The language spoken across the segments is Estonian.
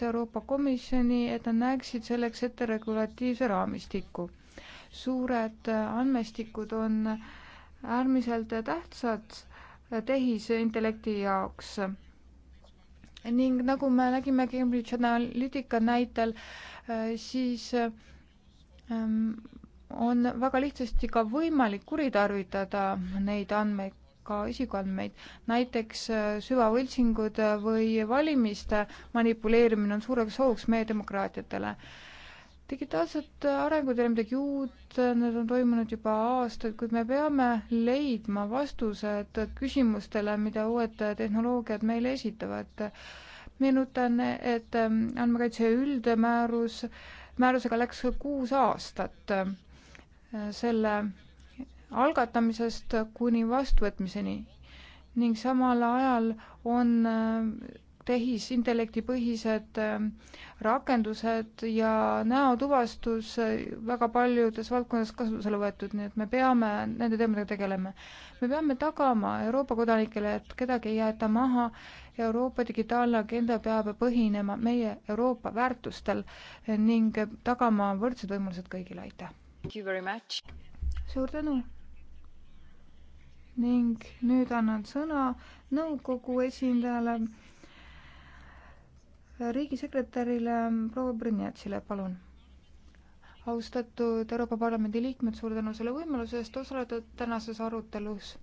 Euroopa Komisjoni, et nad näeksid selleks ette regulatiivse raamistiku. suured andmestikud on äärmiselt tähtsad tehisintellekti jaoks ning nagu me nägime Cambridge Analytica näitel, siis ähm, on väga lihtsasti ka võimalik kuritarvitada neid andmeid ka isikuandmeid. näiteks äh, süvavõltsingud äh, või valimiste manipuleerimine on suureks hoogs meie demokraatiatele. digitaalsed äh, arengud ei ole midagi uut, need on toimunud juba aastaid, kuid me peame leidma vastused küsimustele, mida uued tehnoloogiad meile esitavad. meenutan, et ähm, andmekaitse üldmäärus, määrusega läks kuus aastat selle algatamisest kuni vastuvõtmiseni ning samal ajal on äh, tehisintellektipõhised äh, rakendused ja näotuvastus äh, väga paljudes valdkondades kasutusele võetud, nii et me peame nende teemadega tegelema. me peame tagama Euroopa kodanikele, et kedagi ei jäeta maha. Euroopa digitaalne agenda peab põhinema meie Euroopa väärtustel ning tagama võrdsed võimalused kõigile, aitäh! suur tänu! ning nüüd annan sõna nõukogu esindajale, riigisekretärile proua Brünjatsile, palun. austatud Euroopa Parlamendi liikmed, suur tänu selle võimaluse eest osaleda tänases arutelus.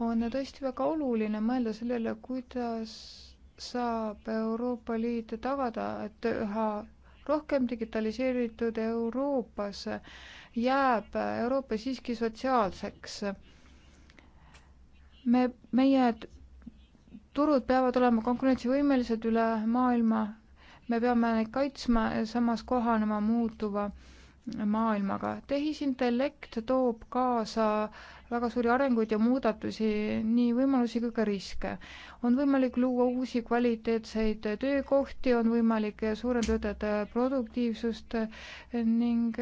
on tõesti väga oluline mõelda sellele, kuidas saab Euroopa Liit tagada, et üha rohkem digitaliseeritud Euroopas jääb Euroopa siiski sotsiaalseks me, meie turud peavad olema konkurentsivõimelised üle maailma, me peame neid kaitsma ja samas kohanema muutuva maailmaga. tehisintellekt toob kaasa väga suuri arenguid ja muudatusi, nii võimalusi kui ka riske. on võimalik luua uusi kvaliteetseid töökohti, on võimalik suurendada töötajate produktiivsust ning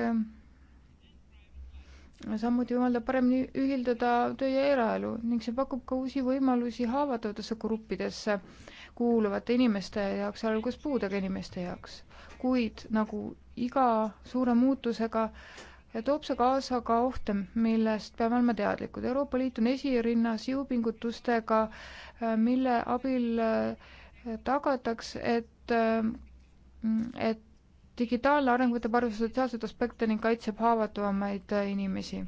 samuti võimaldab paremini ühildada töö ja eraelu ning see pakub ka uusi võimalusi haavatavatesse gruppidesse kuuluvate inimeste jaoks, sealhulgas puudega inimeste jaoks. kuid nagu iga suure muutusega toob see kaasa ka ohte, millest peame olema teadlikud. Euroopa Liit on esirinnas jõupingutustega, mille abil tagatakse, et, et digitaalne areng võtab arvesse sotsiaalseid aspekte ning kaitseb haavatavamaid inimesi.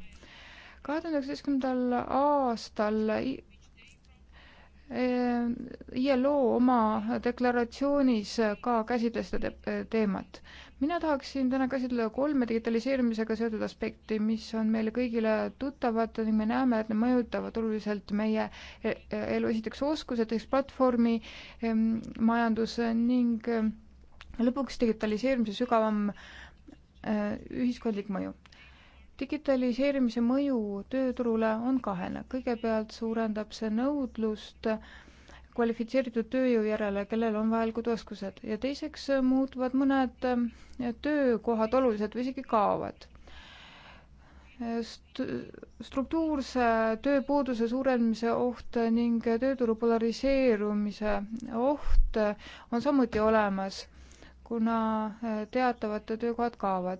kahe tuhande üheksateistkümnendal aastal ILO e oma deklaratsioonis ka käsitles seda te teemat. mina tahaksin täna käsitleda kolme digitaliseerimisega seotud aspekti, mis on meile kõigile tuttavad ning me näeme, et need mõjutavad oluliselt meie e-, elu, esiteks oskused, teiseks platvormi majandus ning lõpuks digitaliseerimise sügavam äh, ühiskondlik mõju. digitaliseerimise mõju tööturule on kahene. kõigepealt suurendab see nõudlust kvalifitseeritud tööjõu järele, kellel on vajalikud oskused ja teiseks äh, muutuvad mõned äh, töökohad oluliselt või isegi kaovad St. struktuurse tööpuuduse suurenemise oht ning tööturu polariseerumise oht on samuti olemas kuna eh, teatavad töökohad kaovad.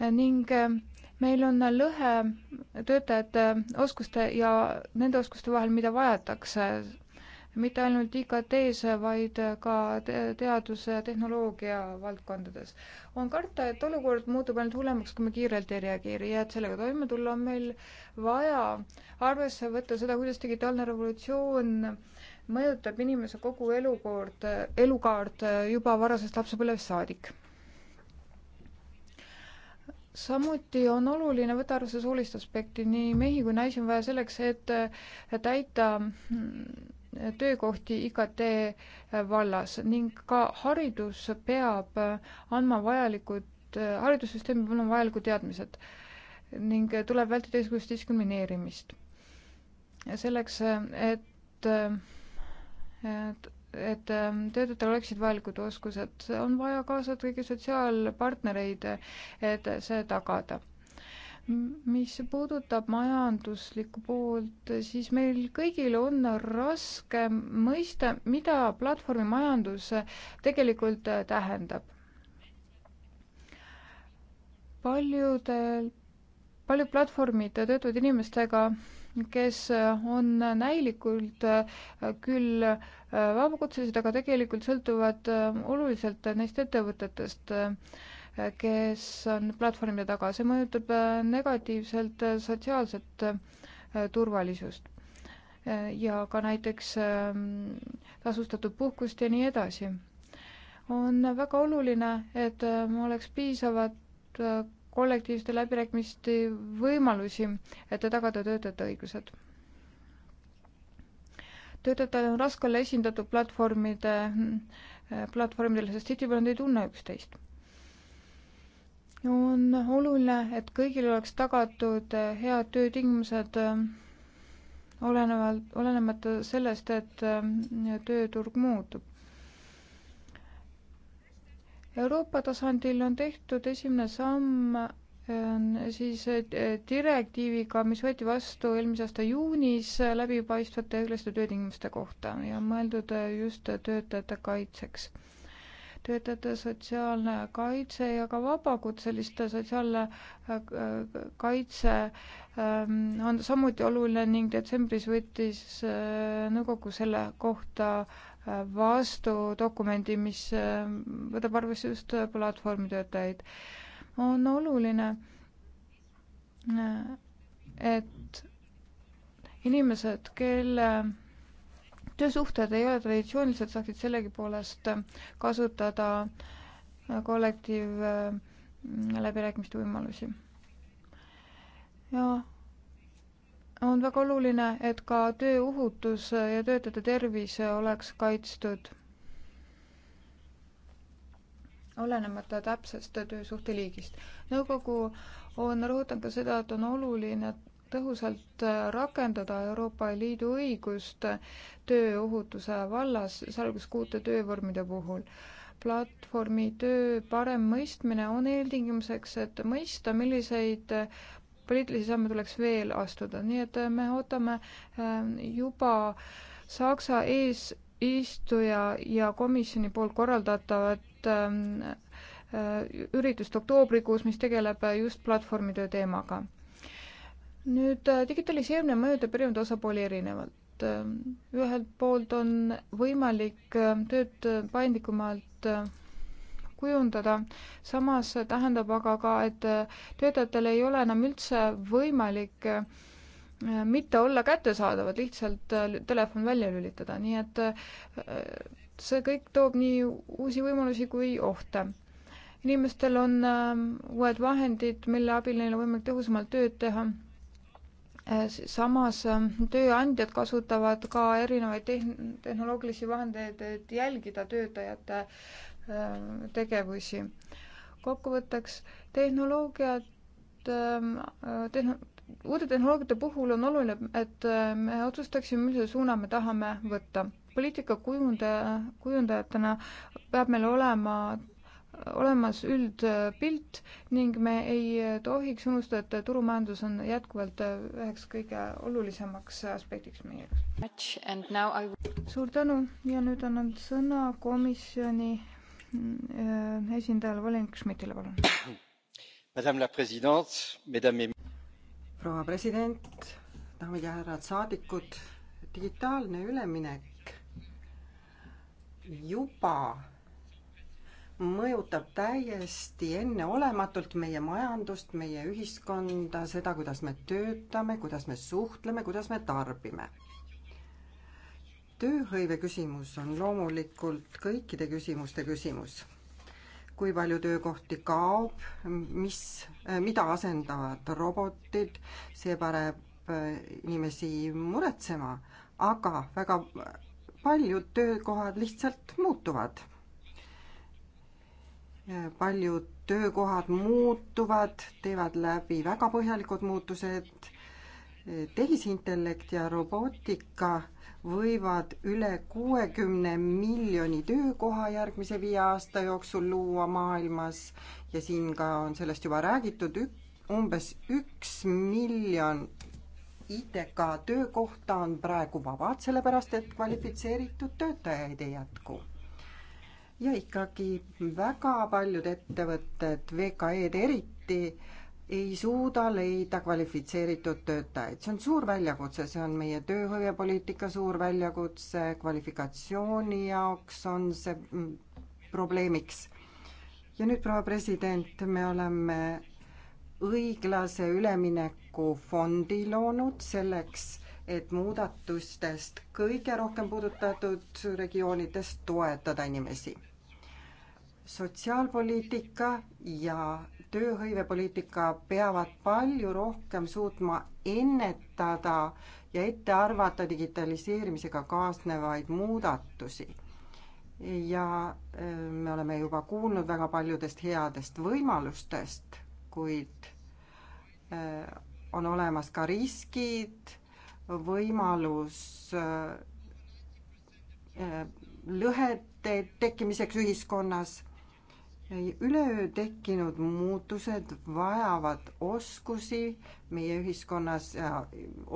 Eh, ning eh, meil on lõhe töötajate oskuste ja nende oskuste vahel, mida vajatakse, mitte ainult IKT-s, vaid ka te teaduse ja tehnoloogia valdkondades. on karta, et olukord muutub ainult hullemaks, kui me kiirelt ei reageeri ja et sellega toime tulla, on meil vaja arvesse võtta seda, kuidas digitaalne revolutsioon mõjutab inimese kogu elukoord, elukaart äh, juba varasest lapsepõlvest saadik. samuti on oluline võtta arvesse soolist aspekti, nii mehi kui naisi on vaja selleks, et äh, täita mm, töökohti IKT äh, vallas ning ka haridus peab andma vajalikud, haridussüsteem peab andma vajalikud teadmised ning tuleb vältida igasugust diskrimineerimist. selleks, et et, et ähm, töötajatel oleksid vajalikud oskused, on vaja kaasata kõiki sotsiaalpartnereid, et see tagada mis puudutab majanduslikku poolt, siis meil kõigil on raske mõista, mida platvormimajandus tegelikult tähendab. paljudel, paljud platvormid töötavad inimestega kes äh, on näilikult äh, küll äh, vabakutselised, aga tegelikult sõltuvad oluliselt neist ettevõtetest, kes on platvormide taga. see mõjutab negatiivselt sotsiaalset turvalisust ja ka näiteks ähm, tasustatud puhkust ja nii edasi. on väga oluline, et oleks piisavad kollektiivsete läbirääkimiste võimalusi, et tagada töötajate õigused. töötajatel on raske olla esindatud platvormide, platvormidel, sest tihtipeale nad ei tunne üksteist. on oluline, et kõigil oleks tagatud head töötingimused olenevalt, olenemata sellest, et tööturg muutub Euroopa tasandil on tehtud esimene samm ähm, siis äh, direktiiviga, mis võeti vastu eelmise aasta juunis läbipaistvate üldiste töötingimuste kohta ja mõeldud äh, just töötajate kaitseks. töötajate sotsiaalne kaitse ja ka vabakutseliste sotsiaalne äh, kaitse ähm, on samuti oluline ning detsembris võttis nõukogu selle kohta vastu dokumendi, mis äh, võtab arvesse just platvormitöötajaid. on oluline, äh, et inimesed, kelle töösuhted ei ole traditsioonilised, saaksid sellegipoolest kasutada äh, kollektiivläbirääkimiste võimalusi. ja on väga oluline, et ka tööohutus ja töötajate tervis oleks kaitstud, olenemata täpsest töösuhte liigist. nõukogu on rõhutanud ka seda, et on oluline tõhusalt rakendada Euroopa Liidu õigust tööohutuse vallas, sealhulgas kuute töövormide puhul platvormi töö parem mõistmine on eeltingimuseks, et mõista, milliseid poliitilisi samme tuleks veel astuda, nii et äh, me ootame ähm, juba Saksa eesistuja ja komisjoni poolt korraldatavat ähm, äh, üritust oktoobrikuus, mis tegeleb äh, just platvormitöö teemaga. nüüd digitaliseerimine mõjutab erinevaid osapooli erinevalt. Ähm, ühelt poolt on võimalik tööd paindlikumalt kujundada. samas tähendab aga ka, et töötajatel ei ole enam üldse võimalik äh, mitte olla kättesaadavad, lihtsalt äh, telefon välja lülitada, nii et äh, see kõik toob nii uusi võimalusi kui ohte. inimestel on ähm, uued vahendid, mille abil neil on võimalik tõhusamalt tööd teha. samas ähm, tööandjad kasutavad ka erinevaid tehn-, tehnoloogilisi vahendeid, et jälgida töötajate Äh, tegevusi. kokkuvõtteks, tehnoloogiad, ähm, äh, tehn-, uute tehnoloogiate puhul on oluline, et äh, me otsustaksime, millise suuna me tahame võtta. poliitika kujundaja, kujundajatena peab meil olema olemas üldpilt ning me ei tohiks unustada, et turumajandus on jätkuvalt üheks kõige olulisemaks aspektiks meie jaoks. I... suur tänu ja nüüd annan sõna komisjoni Äh, esindajale, volinik Schmidtile, palun. proua president, daamid ja härrad saadikud, digitaalne üleminek juba mõjutab täiesti enneolematult meie majandust, meie ühiskonda, seda, kuidas me töötame, kuidas me suhtleme, kuidas me tarbime tööhõive küsimus on loomulikult kõikide küsimuste küsimus. kui palju töökohti kaob, mis, eh, mida asendavad robotid, see paneb eh, inimesi muretsema, aga väga paljud töökohad lihtsalt muutuvad. Eh, paljud töökohad muutuvad, teevad läbi väga põhjalikud muutused tehisintellekt ja robootika võivad üle kuuekümne miljoni töökoha järgmise viie aasta jooksul luua maailmas ja siin ka on sellest juba räägitud, umbes üks miljon ITK töökohta on praegu vabad, sellepärast et kvalifitseeritud töötajaid ei jätku. ja ikkagi väga paljud ettevõtted, VKE-d eriti, ei suuda leida kvalifitseeritud töötajaid. see on suur väljakutse, see on meie tööhõivepoliitika suur väljakutse, kvalifikatsiooni jaoks on see mm, probleemiks. ja nüüd, proua president, me oleme õiglase ülemineku fondi loonud selleks, et muudatustest kõige rohkem puudutatud regioonidest toetada inimesi sotsiaalpoliitika ja tööhõivepoliitika peavad palju rohkem suutma ennetada ja ette arvata digitaliseerimisega kaasnevaid muudatusi. ja äh, me oleme juba kuulnud väga paljudest headest võimalustest, kuid äh, on olemas ka riskid, võimalus äh, lõhete tekkimiseks ühiskonnas üleöö tekkinud muutused vajavad oskusi meie ühiskonnas ja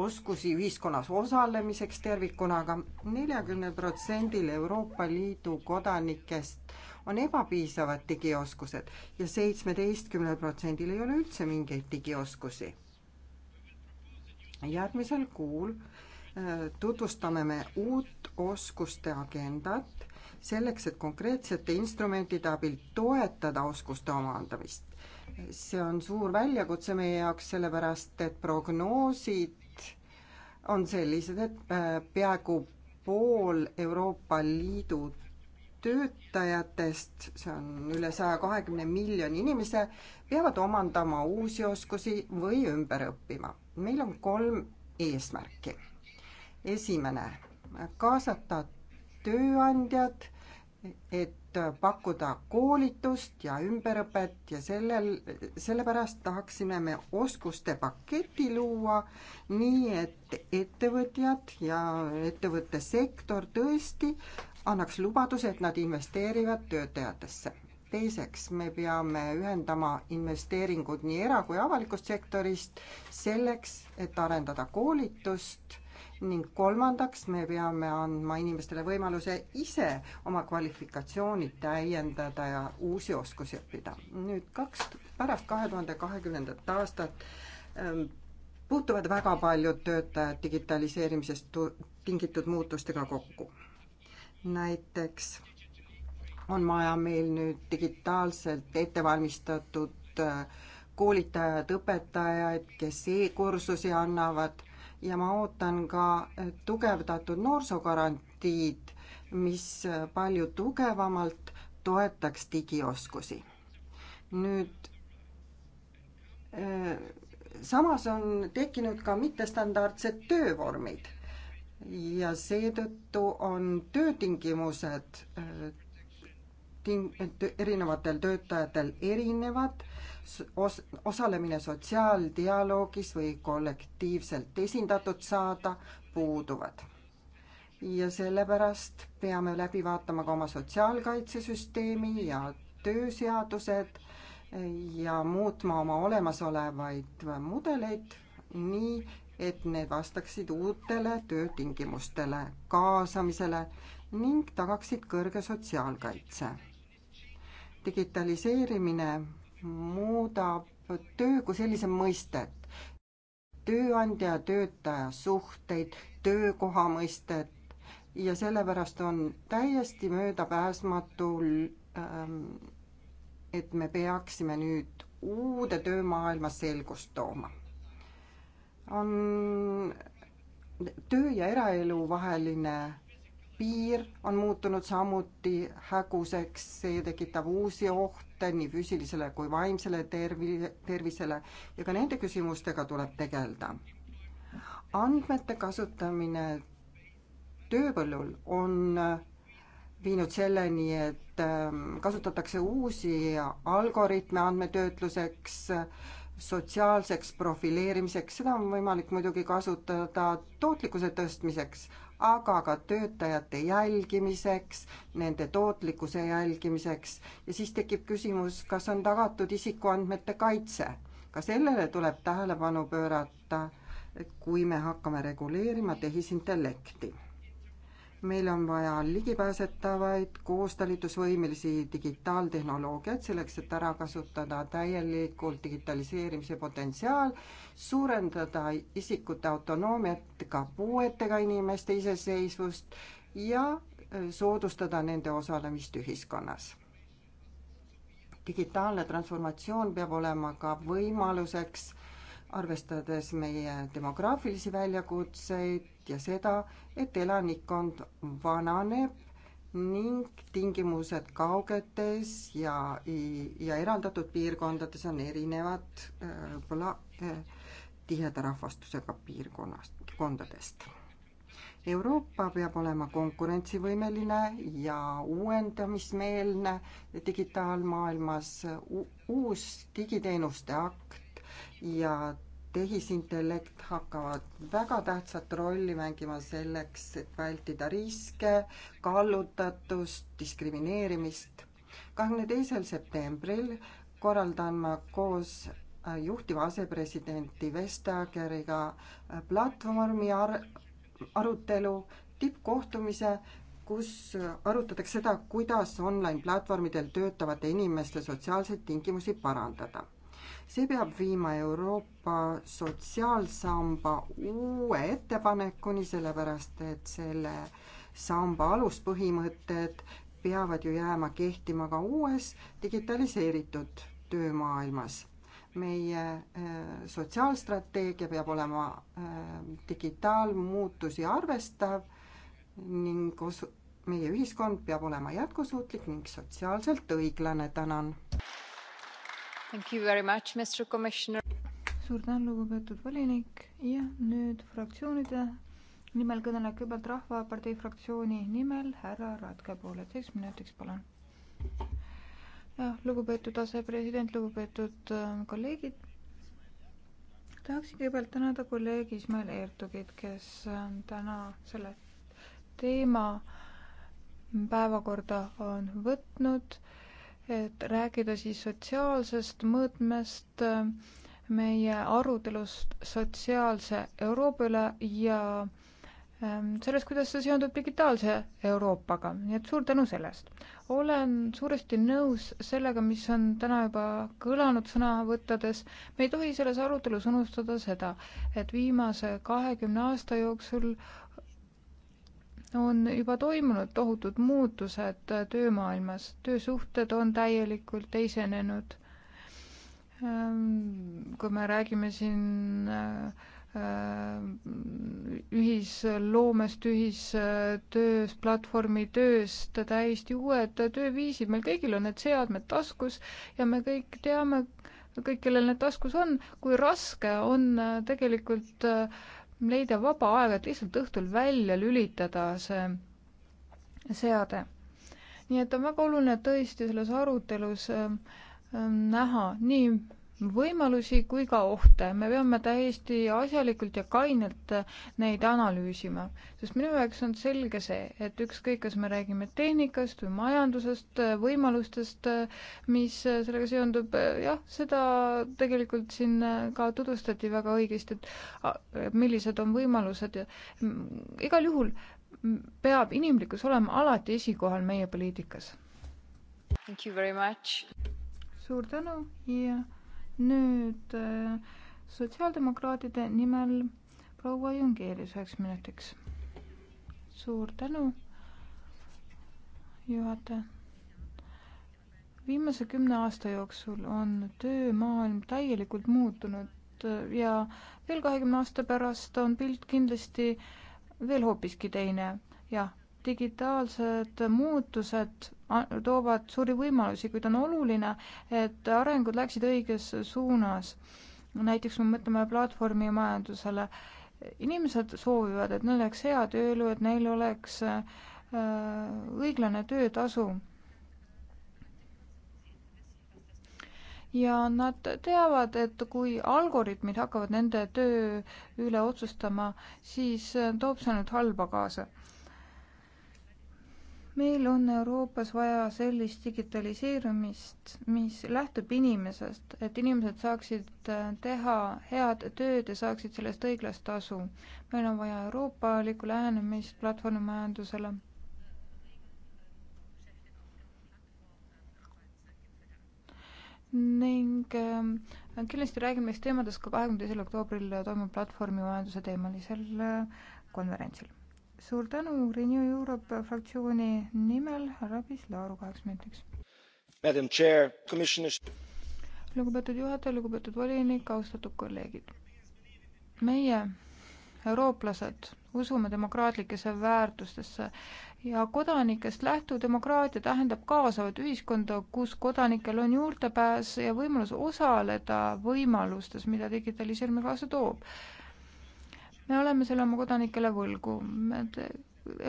oskusi ühiskonnas osalemiseks tervikuna aga, aga neljakümnel protsendil Euroopa Liidu kodanikest on ebapiisavad digioskused ja seitsmeteistkümnel protsendil ei ole üldse mingeid digioskusi. järgmisel kuul äh, tutvustame me uut oskuste agendat selleks, et konkreetsete instrumentide abil toetada oskuste omandamist. see on suur väljakutse meie jaoks, sellepärast et prognoosid on sellised, et äh, peaaegu pool Euroopa Liidu töötajatest, see on üle saja kahekümne miljoni inimese, peavad omandama uusi oskusi või ümber õppima. meil on kolm eesmärki. esimene, kaasata tööandjad, et pakkuda koolitust ja ümberõpet ja sellel, sellepärast tahaksime me oskuste paketi luua, nii et ettevõtjad ja ettevõtte sektor tõesti annaks lubaduse, et nad investeerivad töötajatesse. teiseks, me peame ühendama investeeringud nii era- kui avalikust sektorist selleks, et arendada koolitust ning kolmandaks, me peame andma inimestele võimaluse ise oma kvalifikatsiooni täiendada ja uusi oskusi õppida. nüüd kaks, pärast kahe tuhande kahekümnendat aastat ähm, puutuvad väga paljud töötajad digitaliseerimisest tingitud muutustega kokku. näiteks on vaja meil nüüd digitaalselt ettevalmistatud äh, koolitajaid, õpetajaid, kes e-kursusi annavad ja ma ootan ka tugevdatud noorsoogarantiid, mis palju tugevamalt toetaks digioskusi. nüüd äh, samas on tekkinud ka mittestandardsed töövormid ja seetõttu on töötingimused äh, ting-, erinevatel töötajatel erinevad, os-, osalemine sotsiaaldialoogis või kollektiivselt esindatud saada puuduvad. ja sellepärast peame läbi vaatama ka oma sotsiaalkaitsesüsteemi ja tööseadused eh, ja muutma oma olemasolevaid mudeleid nii, et need vastaksid uutele töötingimustele, kaasamisele ning tagaksid kõrge sotsiaalkaitse digitaliseerimine muudab töö kui sellise mõistet, tööandja ja töötaja suhteid, töökoha mõistet ja sellepärast on täiesti möödapääsmatul, ähm, et me peaksime nüüd uude töömaailma selgust tooma. on töö ja eraelu vaheline piir on muutunud samuti häguseks, see tekitab uusi ohte nii füüsilisele kui vaimsele tervi-, tervisele ja ka nende küsimustega tuleb tegeleda. andmete kasutamine tööpõllul on viinud selleni, et ähm, kasutatakse uusi algoritme andmetöötluseks, sotsiaalseks profileerimiseks, seda on võimalik muidugi kasutada tootlikkuse tõstmiseks, aga ka töötajate jälgimiseks, nende tootlikkuse jälgimiseks ja siis tekib küsimus, kas on tagatud isikuandmete kaitse. ka sellele tuleb tähelepanu pöörata, kui me hakkame reguleerima tehisintellekti meil on vaja ligipääsetavaid koostalitusvõimelisi digitaaltehnoloogiaid selleks, et ära kasutada täielikult digitaliseerimise potentsiaal, suurendada isikute autonoomiat, ka puuetega inimeste iseseisvust ja äh, soodustada nende osalemist ühiskonnas. digitaalne transformatsioon peab olema ka võimaluseks arvestades meie demograafilisi väljakutseid ja seda, et elanikkond vananeb ning tingimused kaugetes ja, ja eraldatud piirkondades on erinevad võib-olla äh, äh, tiheda rahvastusega piirkonnast, kondadest. Euroopa peab olema konkurentsivõimeline ja uuendamismeelne digitaalmaailmas. uus digiteenuste akt ja tehisintellekt hakkavad väga tähtsat rolli mängima selleks, et vältida riske, kallutatust, diskrimineerimist. kahekümne teisel septembril korraldan ma koos äh, juhtiva asepresidenti Vestageriga äh, platvormi ar-, arutelu, tippkohtumise, kus äh, arutatakse seda, kuidas online platvormidel töötavate inimeste sotsiaalseid tingimusi parandada see peab viima Euroopa sotsiaalsamba uue ettepanekuni, sellepärast et selle samba aluspõhimõtted peavad ju jääma kehtima ka uues digitaliseeritud töömaailmas. meie äh, sotsiaalstrateegia peab olema äh, digitaalmuutusi arvestav ning osu-, meie ühiskond peab olema jätkusuutlik ning sotsiaalselt õiglane, tänan suur tänu, lugupeetud volinik ja nüüd fraktsioonide nimel kõneleb kõigepealt Rahvapartei fraktsiooni nimel härra Ratke poole, teeks minutiks palun. jah, lugupeetud asepresident, lugupeetud ähm, kolleegid. tahaksin kõigepealt tänada kolleeg Ismail Ertugit, kes ähm, täna selle teema päevakorda on võtnud et rääkida siis sotsiaalsest mõõtmest, meie arutelust sotsiaalse Euroopa üle ja ähm, sellest, kuidas see seondub digitaalse Euroopaga, nii et suur tänu sellest. olen suuresti nõus sellega, mis on täna juba kõlanud sõnavõttades, me ei tohi selles arutelus unustada seda, et viimase kahekümne aasta jooksul on juba toimunud tohutud muutused töömaailmas, töösuhted on täielikult teisenenud. Ähm, kui me räägime siin äh, äh, ühisloomest, ühistööst, platvormitööst, täiesti uued tööviisid, meil kõigil on need seadmed taskus ja me kõik teame, kõik, kellel need taskus on, kui raske on äh, tegelikult äh, leida vaba aega, et lihtsalt õhtul välja lülitada see seade. nii et on väga oluline tõesti selles arutelus ähm, ähm, näha nii võimalusi kui ka ohte. me peame täiesti asjalikult ja kainelt neid analüüsima, sest minu jaoks on selge see, et ükskõik, kas me räägime tehnikast või majandusest, võimalustest, mis sellega seondub, jah, seda tegelikult siin ka tutvustati väga õigesti, et millised on võimalused ja mm, igal juhul peab inimlikkus olema alati esikohal meie poliitikas. suur tänu ja yeah nüüd äh, sotsiaaldemokraatide nimel proua Jungeerius üheks minutiks. suur tänu, juhataja. viimase kümne aasta jooksul on töömaailm täielikult muutunud äh, ja veel kahekümne aasta pärast on pilt kindlasti veel hoopiski teine. jah, digitaalsed muutused toovad suuri võimalusi, kuid on oluline, et arengud läheksid õiges suunas. näiteks kui me mõtleme platvormimajandusele, inimesed soovivad, et neil oleks hea tööelu, et neil oleks äh, õiglane töötasu. ja nad teavad, et kui algoritmid hakkavad nende töö üle otsustama, siis toob see ainult halba kaasa meil on Euroopas vaja sellist digitaliseerumist, mis lähtub inimesest, et inimesed saaksid äh, teha head tööd ja saaksid sellest õiglast tasu. meil on vaja euroopalikku lähenemist platvormimajandusele. ning äh, kindlasti räägime neist teemadest ka kahekümne teisel oktoobril toimuv platvormimajanduse teemalisel äh, konverentsil suur tänu Renew Europe fraktsiooni nimel härra Pislaaru kaheks minutiks. lugupeetud juhataja, lugupeetud volinik, austatud kolleegid. meie, eurooplased, usume demokraatlikesse väärtustesse ja kodanikest lähtuv demokraatia tähendab kaasavat ühiskonda, kus kodanikel on juurdepääs ja võimalus osaleda võimalustes, mida digitaliseerimine kaasa toob me oleme selle oma kodanikele võlgu.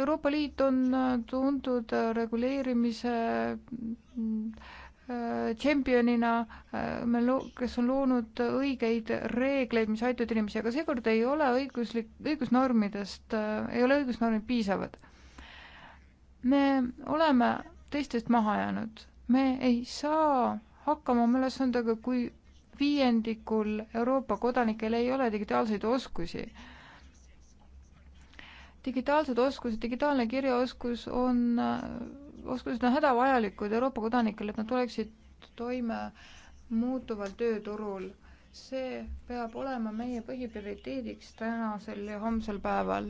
Euroopa Liit on äh, tuntud äh, reguleerimise äh, tšempionina, me loo-, kes on loonud õigeid reegleid, mis aitavad inimesi, aga seekord ei ole õiguslik, õigusnormidest, ei ole õigusnormid piisavad. me oleme teistest maha jäänud, me ei saa hakkama oma ülesandega, kui viiendikul Euroopa kodanikel ei ole digitaalseid oskusi digitaalsed oskused, digitaalne kirjaoskus on äh, oskused on hädavajalikud Euroopa kodanikele, et nad tuleksid toime muutuval tööturul. see peab olema meie põhiprioriteediks tänasel ja homsel päeval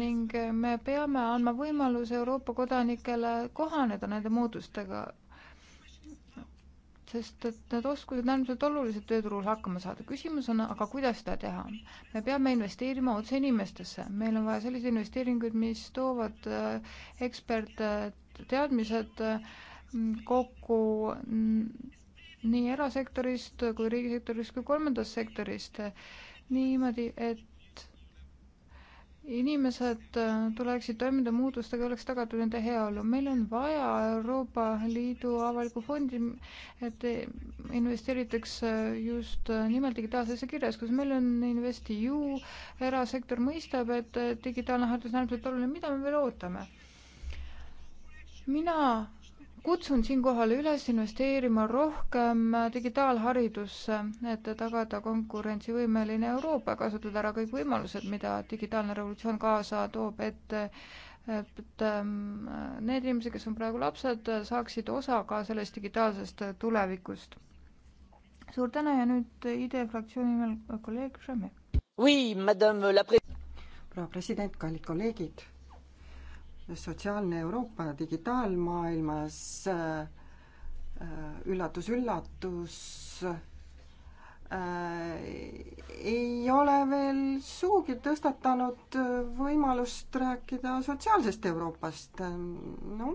ning me peame andma võimaluse Euroopa kodanikele kohaneda nende muutustega sest et need oskused on äärmiselt olulised tööturul hakkama saada. küsimus on aga, kuidas seda teha? me peame investeerima otse inimestesse, meil on vaja selliseid investeeringuid, mis toovad äh, ekspertteadmised äh, äh, kokku mm, nii erasektorist kui riigisektorist kui kolmandast sektorist niimoodi, et inimesed äh, tuleksid toimida muutustega, oleks tagatud nende heaolu. meil on vaja Euroopa Liidu avalikku fondi, et investeeritaks just äh, nimelt digitaalsesse kirjas, kus meil on InvestEU, erasektor mõistab, et äh, digitaalne haridus on äärmiselt oluline, mida me veel ootame? mina kutsun siinkohal üles investeerima rohkem digitaalharidusse, et tagada konkurentsivõimeline Euroopa, kasutada ära kõik võimalused, mida digitaalne revolutsioon kaasa toob, et et ähm, need inimesed, kes on praegu lapsed, saaksid osa ka sellest digitaalsest tulevikust. suur tänu ja nüüd ID fraktsiooni nimel kolleeg Šame. proua president, kallid kolleegid sotsiaalne Euroopa digitaalmaailmas äh, üllatus-üllatus äh, ei ole veel sugugi tõstatanud võimalust rääkida sotsiaalsest Euroopast. noh,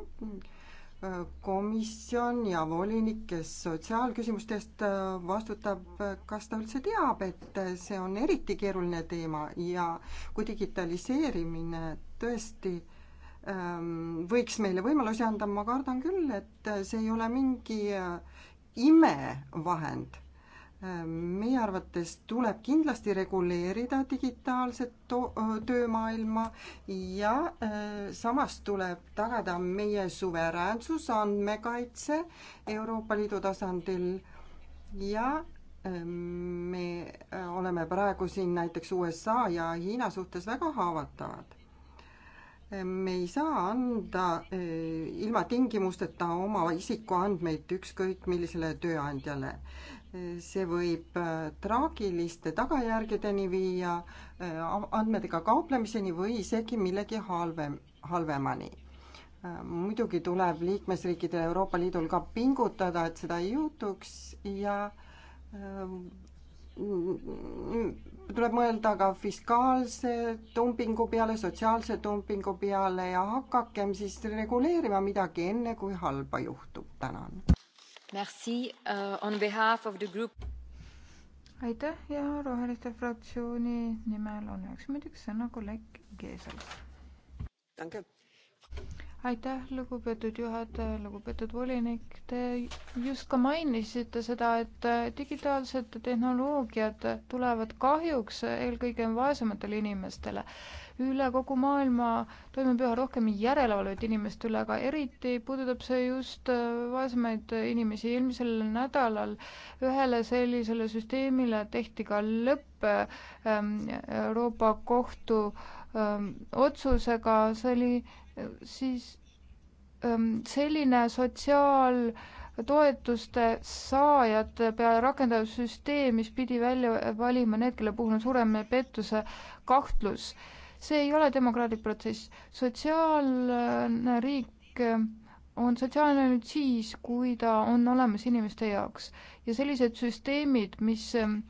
komisjon ja volinik, kes sotsiaalküsimuste eest äh, vastutab, kas ta üldse teab, et see on eriti keeruline teema ja kui digitaliseerimine tõesti äh, Ähm, võiks meile võimalusi anda, ma kardan küll, et see ei ole mingi äh, imevahend. Ähm, meie arvates tuleb kindlasti reguleerida digitaalset töömaailma ja äh, samas tuleb tagada meie suveräänsus, andmekaitse Euroopa Liidu tasandil ja äh, me oleme praegu siin näiteks USA ja Hiina suhtes väga haavatavad me ei saa anda e, ilma tingimusteta oma isikuandmeid ükskõik millisele tööandjale. E, see võib e, traagiliste tagajärgedeni viia, andmetega kauplemiseni või isegi millegi halvem, halvemani muidugi tuleb liikmesriikidel Euroopa Liidul ka pingutada, et seda ei juhtuks ja tuleb mõelda ka fiskaalse dumpingu peale, sotsiaalse dumpingu peale ja hakakem siis reguleerima midagi enne, kui halba juhtub. tänan. Merci uh, on behalf of the group. aitäh ja Roheliste fraktsiooni nimel on üheks minutiks sõna kolleeg Geesel aitäh, lugupeetud juhataja, lugupeetud volinik, te just ka mainisite seda, et äh, digitaalsed tehnoloogiad tulevad kahjuks eelkõige vaesematele inimestele. üle kogu maailma toimub üha rohkem järelevalvet inimeste üle, aga eriti puudutab see just äh, vaesemaid inimesi. eelmisel nädalal ühele sellisele süsteemile tehti ka lõpp ähm, Euroopa Kohtu ähm, otsusega, see oli siis ähm, selline sotsiaaltoetuste saajate peale rakendav süsteem, mis pidi välja valima need, kelle puhul on suurem pettuse kahtlus, see ei ole demokraatlik protsess. sotsiaalne riik ähm, on sotsiaalne nüüd siis, kui ta on olemas inimeste jaoks ja sellised süsteemid, mis ähm,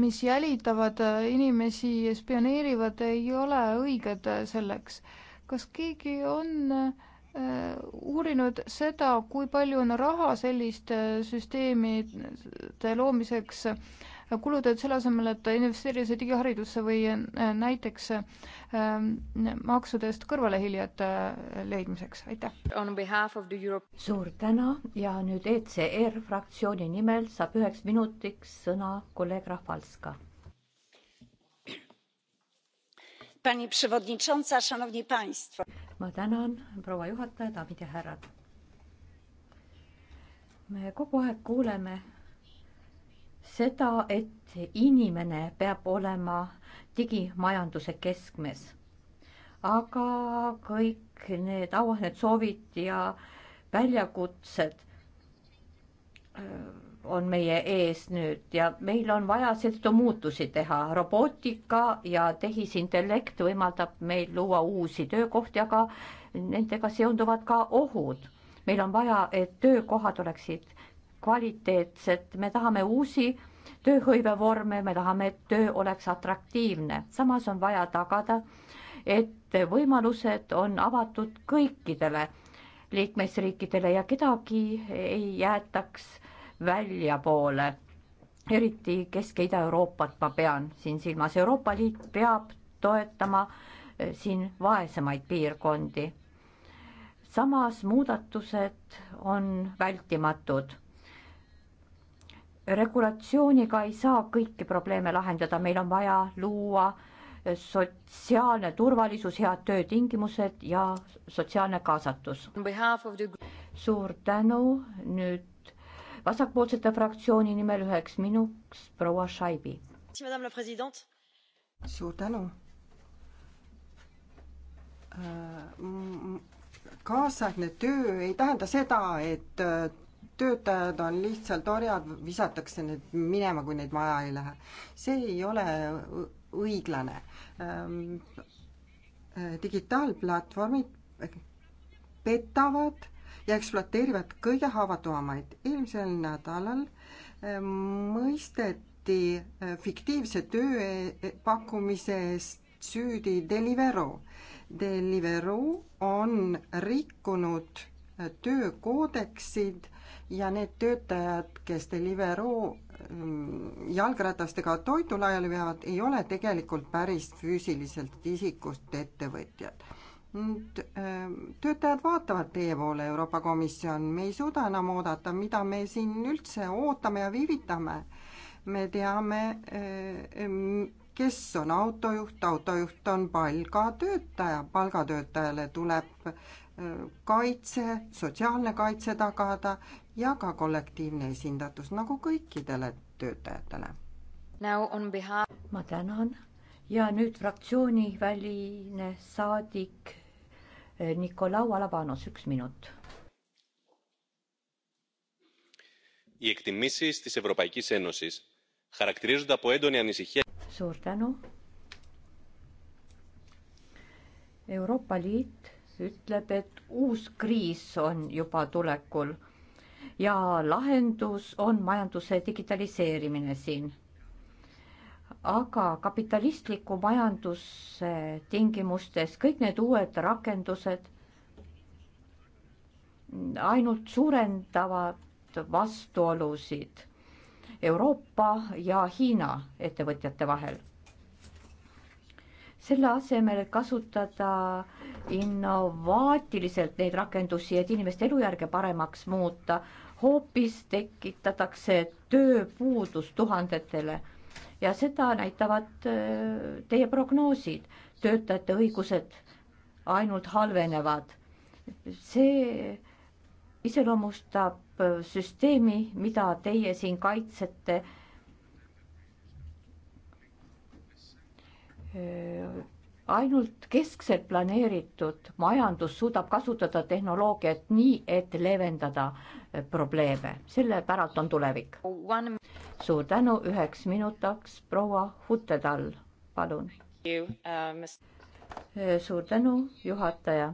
mis jälitavad äh, inimesi, spioneerivad, ei ole õiged äh, selleks. kas keegi on äh, uurinud seda, kui palju on raha selliste süsteemide loomiseks äh, kulutööd selle asemel, et investeerida digiharidusse või äh, näiteks äh, maksudest kõrvalehiljate äh, leidmiseks, aitäh! Europe... suur tänu ja nüüd ECR fraktsiooni nimel saab üheks minutiks sõna kolleeg Rafalska. ma tänan, proua juhataja, daamid ja härrad. me kogu aeg kuuleme seda, et inimene peab olema digimajanduse keskmes. aga kõik need auahned, soovid ja väljakutsed äh, on meie ees nüüd ja meil on vaja seetõttu muutusi teha. robootika ja tehisintellekt võimaldab meil luua uusi töökohti, aga nendega seonduvad ka ohud. meil on vaja, et töökohad oleksid kvaliteetset, me tahame uusi tööhõivevorme, me tahame, et töö oleks atraktiivne, samas on vaja tagada, et võimalused on avatud kõikidele liikmesriikidele ja kedagi ei jäetaks väljapoole. eriti Kesk- ja Ida-Euroopat ma pean siin silmas, Euroopa Liit peab toetama eh, siin vaesemaid piirkondi. samas muudatused on vältimatud regulatsiooniga ei saa kõiki probleeme lahendada, meil on vaja luua sotsiaalne turvalisus, head töötingimused ja sotsiaalne kaasatus. The... suur tänu, nüüd vasakpoolsete fraktsiooni nimel üheks minuks proua Šaibi. suur tänu äh,. kaasaegne töö ei tähenda seda, et äh, töötajad on lihtsalt orjad, visatakse need minema, kui neid vaja ei lähe. see ei ole õiglane. Ähm, digitaalplatvormid petavad ja ekspluateerivad kõige haavatavamaid. eelmisel nädalal ähm, mõisteti äh, fiktiivse töö e, pakkumise eest süüdi Deliveroo. Deliveroo on rikkunud äh, töökoodeksid ja need töötajad, kes Deliveroo mm, jalgratastega toitu laiali veavad, ei ole tegelikult päris füüsiliselt isikust ettevõtjad. nüüd ähm, töötajad vaatavad teie poole, Euroopa Komisjon, me ei suuda enam oodata, mida me siin üldse ootame ja viivitame. me teame, äh, kes on autojuht, autojuht on palgatöötaja, palgatöötajale tuleb kaitse, sotsiaalne kaitse tagada ja ka kollektiivne esindatus nagu kõikidele töötajatele. ma tänan ja nüüd fraktsiooni väline saadik eh, Nikolau Alabanos, üks minut. suur tänu. Euroopa Liit ütleb, et uus kriis on juba tulekul ja lahendus on majanduse digitaliseerimine siin. aga kapitalistliku majanduse tingimustes kõik need uued rakendused ainult suurendavad vastuolusid Euroopa ja Hiina ettevõtjate vahel selle asemel, et kasutada innovaatiliselt neid rakendusi, et inimeste elujärge paremaks muuta, hoopis tekitatakse tööpuudus tuhandetele. ja seda näitavad äh, teie prognoosid. töötajate õigused ainult halvenevad. see iseloomustab äh, süsteemi, mida teie siin kaitsete Äh, ainult keskselt planeeritud majandus suudab kasutada tehnoloogiat nii, et leevendada äh, probleeme, selle päralt on tulevik. suur tänu, üheks minutiks proua Huttedal, palun. Äh, suur tänu, juhataja.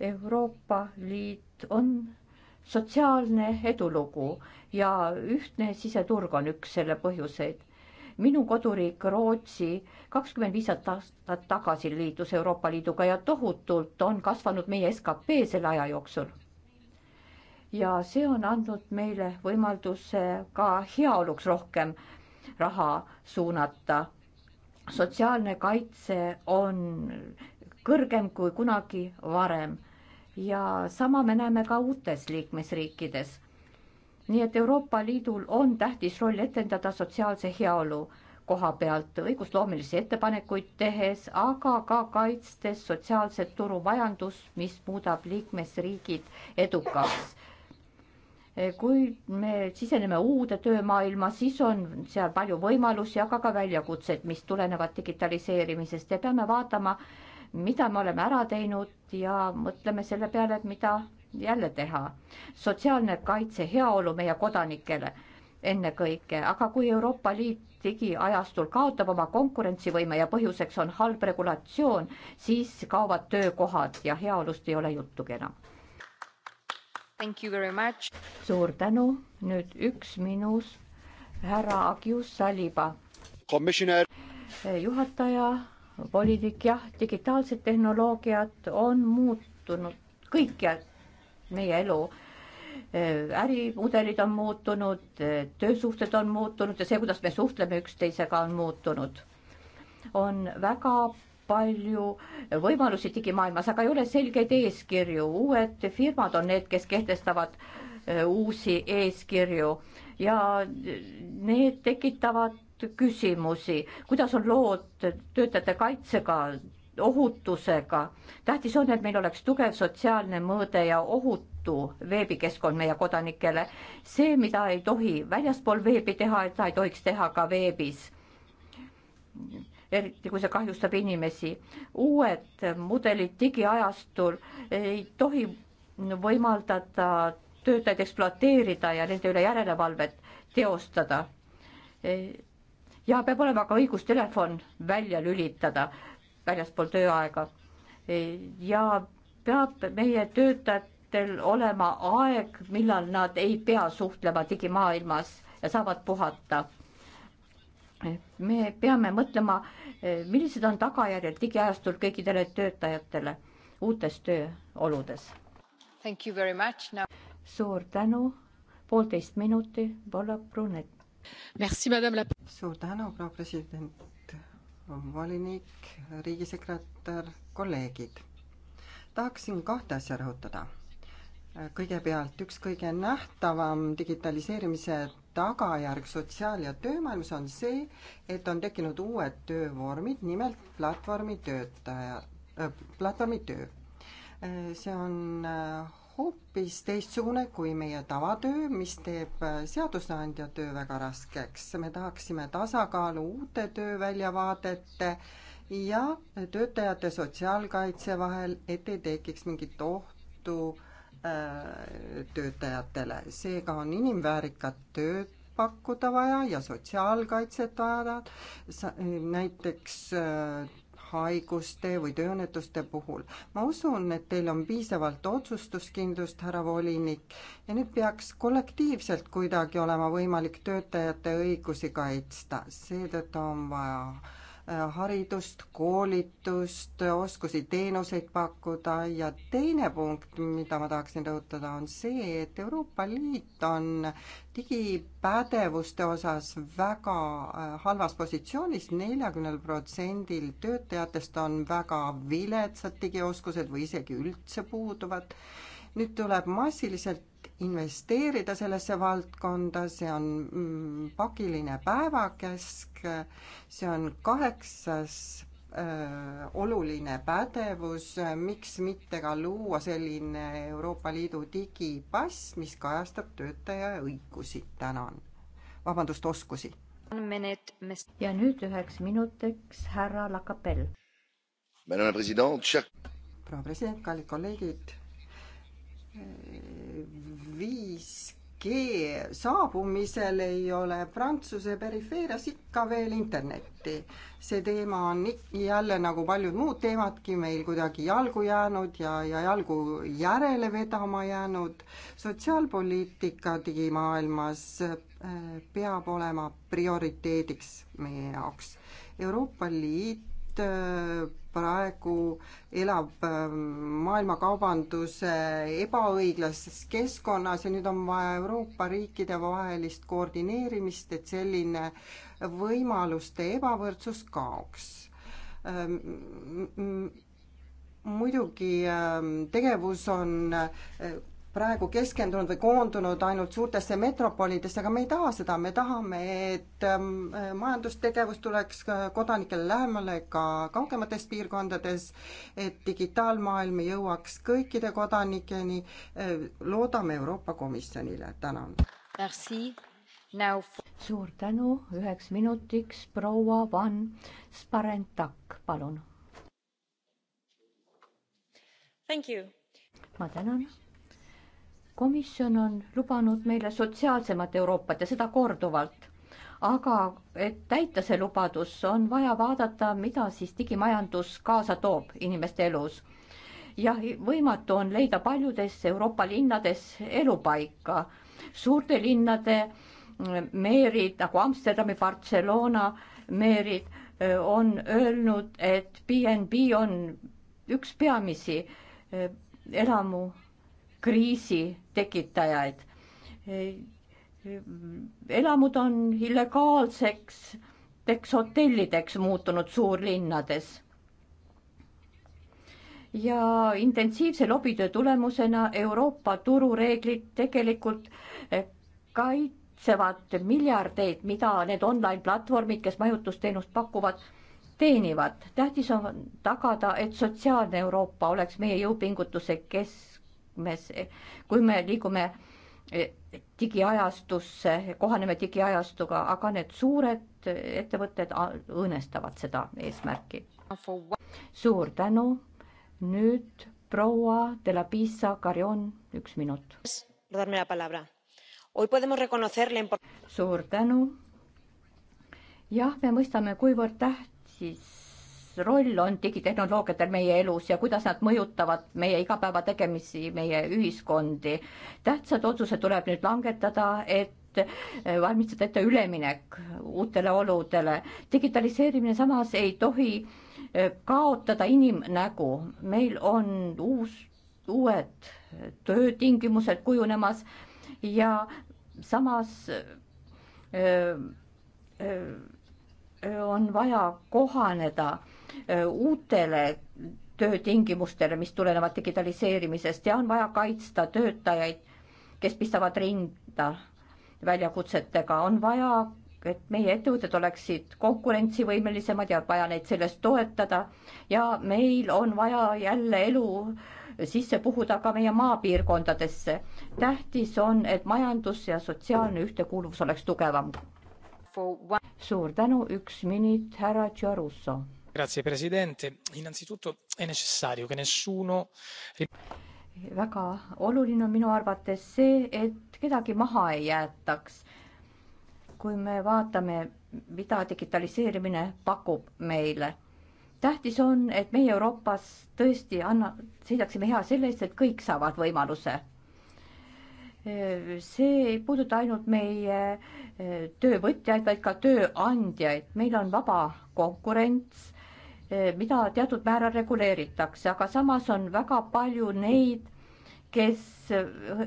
Euroopa Liit on sotsiaalne edulugu ja ühtne siseturg on üks selle põhjuseid minu koduriik Rootsi kakskümmend viis aastat tagasi liitus Euroopa Liiduga ja tohutult on kasvanud meie skp selle aja jooksul. ja see on andnud meile võimaluse ka heaoluks rohkem raha suunata. sotsiaalne kaitse on kõrgem kui kunagi varem ja sama me näeme ka uutes liikmesriikides nii et Euroopa Liidul on tähtis roll etendada sotsiaalse heaolu koha pealt õigusloomelisi ettepanekuid tehes, aga ka kaitstes sotsiaalset turumajandust, mis muudab liikmesriigid edukaks. kui me siseneme uude töömaailma, siis on seal palju võimalusi, aga ka väljakutsed, mis tulenevad digitaliseerimisest ja peame vaatama, mida me oleme ära teinud ja mõtleme selle peale, et mida jälle teha. sotsiaalne kaitse, heaolu meie kodanikele ennekõike, aga kui Euroopa Liit digiajastul kaotab oma konkurentsivõime ja põhjuseks on halb regulatsioon, siis kaovad töökohad ja heaolust ei ole juttugi enam. suur tänu, nüüd üks minus, härra Agius Saliba. Eh, juhataja, volinik, jah, digitaalsed tehnoloogiad on muutunud kõikjal meie elu äh, ärimudelid on muutunud, äh, töösuhted on muutunud ja see, kuidas me suhtleme üksteisega, on muutunud. on väga palju võimalusi digimaailmas, aga ei ole selgeid eeskirju, uued firmad on need, kes kehtestavad äh, uusi eeskirju ja need tekitavad küsimusi, kuidas on lood töötajate kaitsega, ohutusega. tähtis on, et meil oleks tugev sotsiaalne mõõde ja ohutu veebikeskkond meie kodanikele. see, mida ei tohi väljaspool veebi teha, et ta ei tohiks teha ka veebis. eriti kui see kahjustab inimesi. uued mudelid digiajastul ei tohi võimaldada töötajaid ekspluateerida ja nende üle järelevalvet teostada ja peab olema ka õigus telefon välja lülitada väljaspool tööaega. ja peab meie töötajatel olema aeg, millal nad ei pea suhtlema digimaailmas ja saavad puhata. me peame mõtlema, millised on tagajärjed digiajastul kõikidele töötajatele uutes tööoludes. Now... suur tänu, poolteist minuti, Vola Brunet. La... suur tänu, proua president volinik, riigisekretär, kolleegid. tahaksin kahte asja rõhutada. kõigepealt üks kõige nähtavam digitaliseerimise tagajärg sotsiaal- ja töömaailmas on see, et on tekkinud uued töövormid, nimelt platvormitöötaja, äh, platvormitöö. see on äh, hoopis teistsugune kui meie tavatöö, mis teeb seadusandja töö väga raskeks. me tahaksime tasakaalu uute tööväljavaadete ja töötajate sotsiaalkaitse vahel, et ei tekiks mingit ohtu äh, töötajatele. seega on inimväärikat tööd pakkuda vaja ja sotsiaalkaitset vaja, näiteks äh, haiguste või tööõnnetuste puhul. ma usun, et teil on piisavalt otsustuskindlust, härra volinik, ja nüüd peaks kollektiivselt kuidagi olema võimalik töötajate õigusi kaitsta, seetõttu on vaja Äh, haridust, koolitust, oskusi teenuseid pakkuda ja teine punkt, mida ma tahaksin rõhutada, on see, et Euroopa Liit on digipädevuste osas väga äh, halvas positsioonis, neljakümnel protsendil töötajatest on väga viletsad digioskused või isegi üldse puuduvad nüüd tuleb massiliselt investeerida sellesse valdkonda, see on mm, pakiline päevakäsk, see on kaheksas äh, oluline pädevus, miks mitte ka luua selline Euroopa Liidu digipass, mis kajastab töötaja õigusi. tänan, vabandust, oskusi. ja nüüd üheks minutiks härra Lacapelle. proua president, kallid kolleegid 5 G saabumisel ei ole Prantsuse perifeerias ikka veel internetti. see teema on jälle nagu paljud muud teemadki meil kuidagi jalgu jäänud ja, ja jalgu järele vedama jäänud. sotsiaalpoliitika digimaailmas äh, peab olema prioriteediks meie jaoks. Euroopa Liit äh, praegu elab ähm, maailmakaubanduse ebaõiglases keskkonnas ja nüüd on vaja Euroopa riikide vahelist koordineerimist, et selline võimaluste ebavõrdsus kaoks. Ähm, muidugi ähm, tegevus on äh, praegu keskendunud või koondunud ainult suurtesse metropolidesse, aga me ei taha seda, me tahame, et ähm, majandustegevus tuleks äh, kodanikele lähemale ka kaugemates piirkondades, et digitaalmaailm jõuaks kõikide kodanikeni. Äh, loodame Euroopa Komisjonile, tänan. suur tänu, üheks minutiks proua Van Sparentak, palun. ma tänan komisjon on lubanud meile sotsiaalsemat Euroopat ja seda korduvalt. aga et täita see lubadus, on vaja vaadata, mida siis digimajandus kaasa toob inimeste elus. jah, võimatu on leida paljudes Euroopa linnades elupaika. suurte linnade meerid nagu Amsterdami, Barcelona meerid on öelnud, et BNB on üks peamisi elamu kriisi tekitajaid. elamud on illegaalseks teks hotellideks muutunud suurlinnades. ja intensiivse lobitöö tulemusena Euroopa turureeglid tegelikult eh, kaitsevad miljardeid, mida need online platvormid, kes majutusteenust pakuvad, teenivad. tähtis on tagada, et sotsiaalne Euroopa oleks meie jõupingutuse kes-, liikmes, kui me liigume eh, digiajastusse, kohaneme digiajastuga, aga need suured eh, ettevõtted õõnestavad seda eesmärki. suur tänu. nüüd proua de la Pisa Carion, üks minut. suur tänu. jah, me mõistame, kuivõrd tähtis roll on digitehnoloogiatel meie elus ja kuidas nad mõjutavad meie igapäevategemisi, meie ühiskondi. tähtsad otsused tuleb nüüd langetada, et äh, valmistada ette üleminek uutele oludele. digitaliseerimine samas ei tohi äh, kaotada inimnägu, meil on uus, uued äh, töötingimused kujunemas ja samas öö, öö, on vaja kohaneda Äh, uutele töötingimustele, mis tulenevad digitaliseerimisest ja on vaja kaitsta töötajaid, kes pistavad rinda väljakutsetega, on vaja, et meie ettevõtted oleksid konkurentsivõimelisemad ja vaja neid selles toetada ja meil on vaja jälle elu sisse puhuda ka meie maapiirkondadesse. tähtis on, et majandus ja sotsiaalne ühtekuuluvus oleks tugevam. suur tänu, üks minut, härra Giarusso signor presidente innanzitutto è necessario che nessuno. väga oluline on minu arvates see et kedagi maha ei jäetaks kui me vaatame mida digitaliseerimine pakub meile tähtis on et meie euroopas tõesti anna seisaksime hea selle eest et kõik saavad võimaluse see ei puuduta ainult meie eh, töövõtjaid, vaid ka tööandjaid. meil on vaba konkurents Eh, mida teatud määral reguleeritakse, aga samas on väga palju neid, kes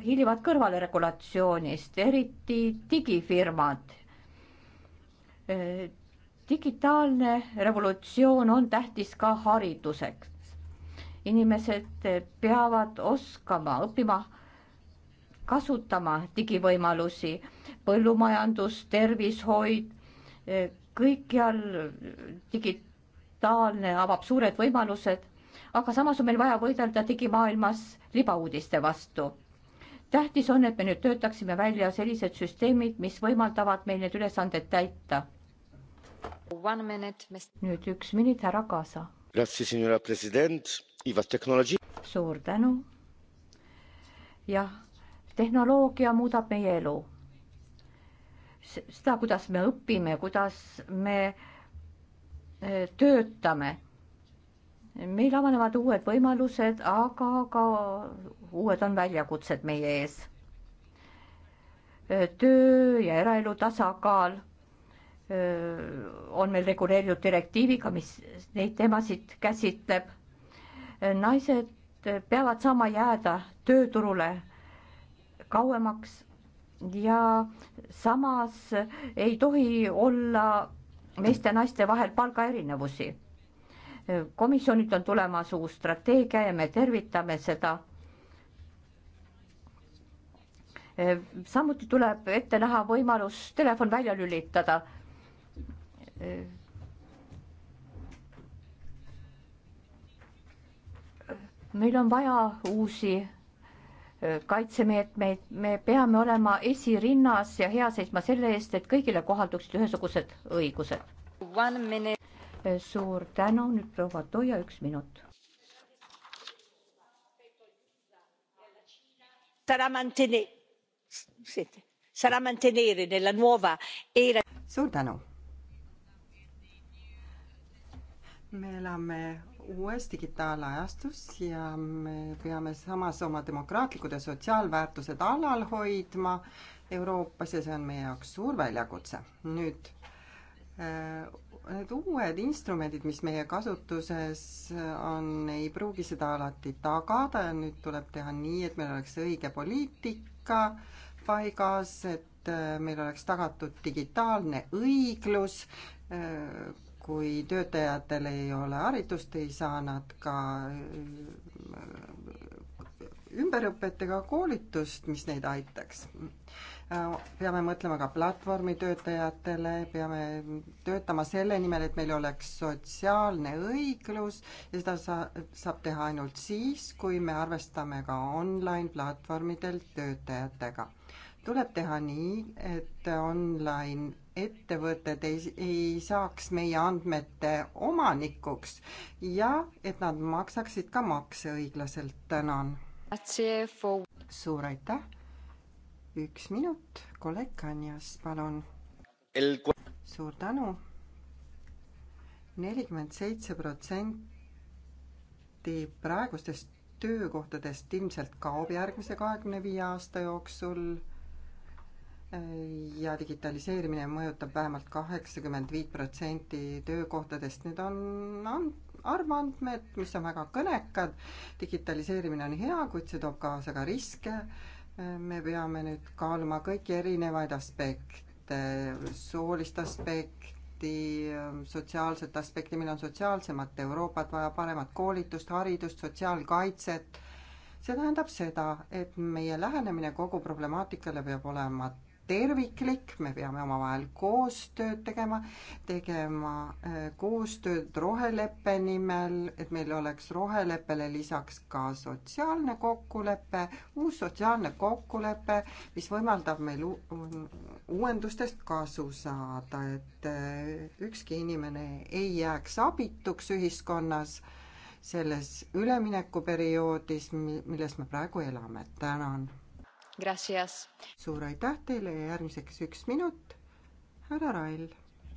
hiilivad kõrvale regulatsioonist, eriti digifirmad. Eh, digitaalne revolutsioon on tähtis ka hariduseks. inimesed peavad oskama, õppima kasutama digivõimalusi, põllumajandus, tervishoid, eh, kõikjal digi-, digitaalne avab suured võimalused, aga samas on meil vaja võidelda digimaailmas libauudiste vastu. tähtis on, et me nüüd töötaksime välja sellised süsteemid, mis võimaldavad meil need ülesanded täita. nüüd üks minut, härra Kaasa. suur tänu. jah, tehnoloogia muudab meie elu seda, kuidas me õpime, kuidas me töötame. meil avanevad uued võimalused, aga ka uued on väljakutsed meie ees. töö ja eraelu tasakaal on meil reguleeritud direktiiviga, mis neid teemasid käsitleb. naised peavad saama jääda tööturule kauemaks ja samas ei tohi olla meeste ja naiste vahel palgaerinevusi. komisjonilt on tulemas uus strateegia ja me tervitame seda. samuti tuleb ette näha võimalus telefon välja lülitada. meil on vaja uusi kaitsemeetmeid, me peame olema esirinnas ja hea seisma selle eest, et kõigile kohalduksid ühesugused õigused. suur tänu, nüüd proua Toia, üks minut. suur tänu. me elame uues digitaalajastus ja me peame samas oma demokraatlikud ja sotsiaalväärtused alal hoidma Euroopas ja see on meie jaoks suur väljakutse. nüüd äh, need uued instrumendid, mis meie kasutuses on, ei pruugi seda alati tagada ja nüüd tuleb teha nii, et meil oleks õige poliitika paigas, et äh, meil oleks tagatud digitaalne õiglus, äh, kui töötajatel ei ole haridust, ei saa nad ka äh, ümberõpet ega koolitust, mis neid aitaks. peame mõtlema ka platvormitöötajatele, peame töötama selle nimel, et meil oleks sotsiaalne õiglus ja seda sa-, saab teha ainult siis, kui me arvestame ka online platvormidel töötajatega tuleb teha nii, et online ettevõtted ei, ei saaks meie andmete omanikuks ja et nad maksaksid ka makse õiglaselt. tänan. suur aitäh. üks minut, kolleeg Kanjas, palun. suur tänu. nelikümmend seitse protsenti praegustest töökohtadest ilmselt kaob järgmise kahekümne viie aasta jooksul ja digitaliseerimine mõjutab vähemalt kaheksakümmend viit protsenti töökohtadest. Need on arvandmed, mis on väga kõnekad. digitaliseerimine on hea, kuid see toob kaasa ka riske. me peame nüüd kaaluma kõiki erinevaid aspekte, soolist aspekti, sotsiaalset aspekti, meil on sotsiaalsemat Euroopat vaja, paremat koolitust, haridust, sotsiaalkaitset. see tähendab seda, et meie lähenemine kogu problemaatikale peab olema terviklik, me peame omavahel koostööd tegema, tegema äh, koostööd roheleppe nimel, et meil oleks roheleppele lisaks ka sotsiaalne kokkulepe, uus sotsiaalne kokkulepe, mis võimaldab meil uuendustest kasu saada, et äh, ükski inimene ei jääks abituks ühiskonnas selles üleminekuperioodis, milles me praegu elame. tänan suur aitäh teile ja järgmiseks üks minut, härra Rail.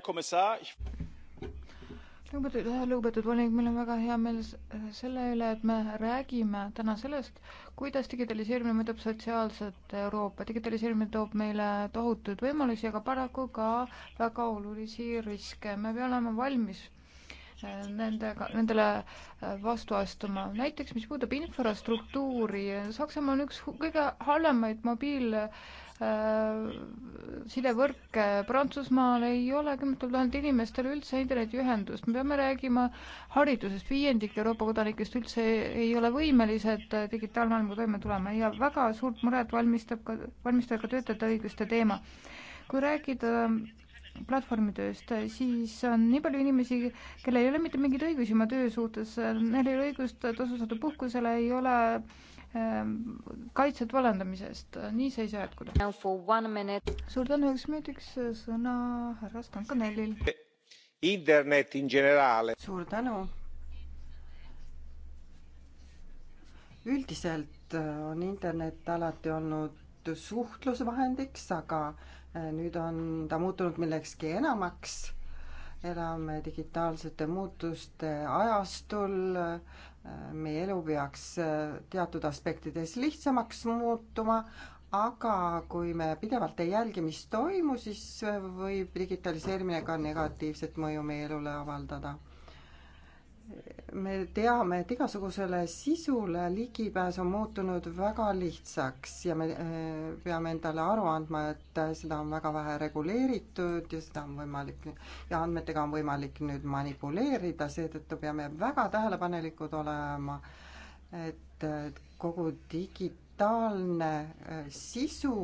lugupeetud, lugupeetud volinik, meil on väga hea meel selle üle, et me räägime täna sellest, kuidas digitaliseerimine mõjutab sotsiaalset Euroopa. digitaliseerimine toob meile tohutuid võimalusi, aga paraku ka väga olulisi riske. me peame olema valmis nendega, nendele äh, vastu astuma. näiteks, mis puudutab infrastruktuuri, Saksamaa on üks kõige halvemaid mobiil äh, sidevõrke Prantsusmaal ei ole kümnetel tuhandetel inimestel üldse internetiühendust. me peame rääkima haridusest, viiendik Euroopa kodanikest üldse ei ole võimelised äh, digitaalmaailmaga toime tulema ja väga suurt muret valmistab ka, valmistab ka töötajate õiguste teema. kui rääkida platvormidest, siis on nii palju inimesi, kellel ei ole mitte mingeid õigusi oma töö suhtes, neil ei ole õigust tasustatud puhkusele, ei ole ähm, kaitset vallandamisest, nii see ei saa jätkuda. suur tänu, üks minutiks äh, sõna härra Stankanelil. E, internet in generale. suur tänu. üldiselt äh, on internet alati olnud suhtlusvahendiks, aga äh, nüüd on ta muutunud millekski enamaks. elame digitaalsete muutuste ajastul, äh, meie elu peaks äh, teatud aspektides lihtsamaks muutuma, aga kui me pidevalt ei jälgi, mis toimu, siis võib digitaliseerimine ka negatiivset mõju meie elule avaldada me teame, et igasugusele sisule ligipääs on muutunud väga lihtsaks ja me äh, peame endale aru andma, et äh, seda on väga vähe reguleeritud ja seda on võimalik ja andmetega on võimalik nüüd manipuleerida, seetõttu peame väga tähelepanelikud olema, et kogu digitaalne äh, sisu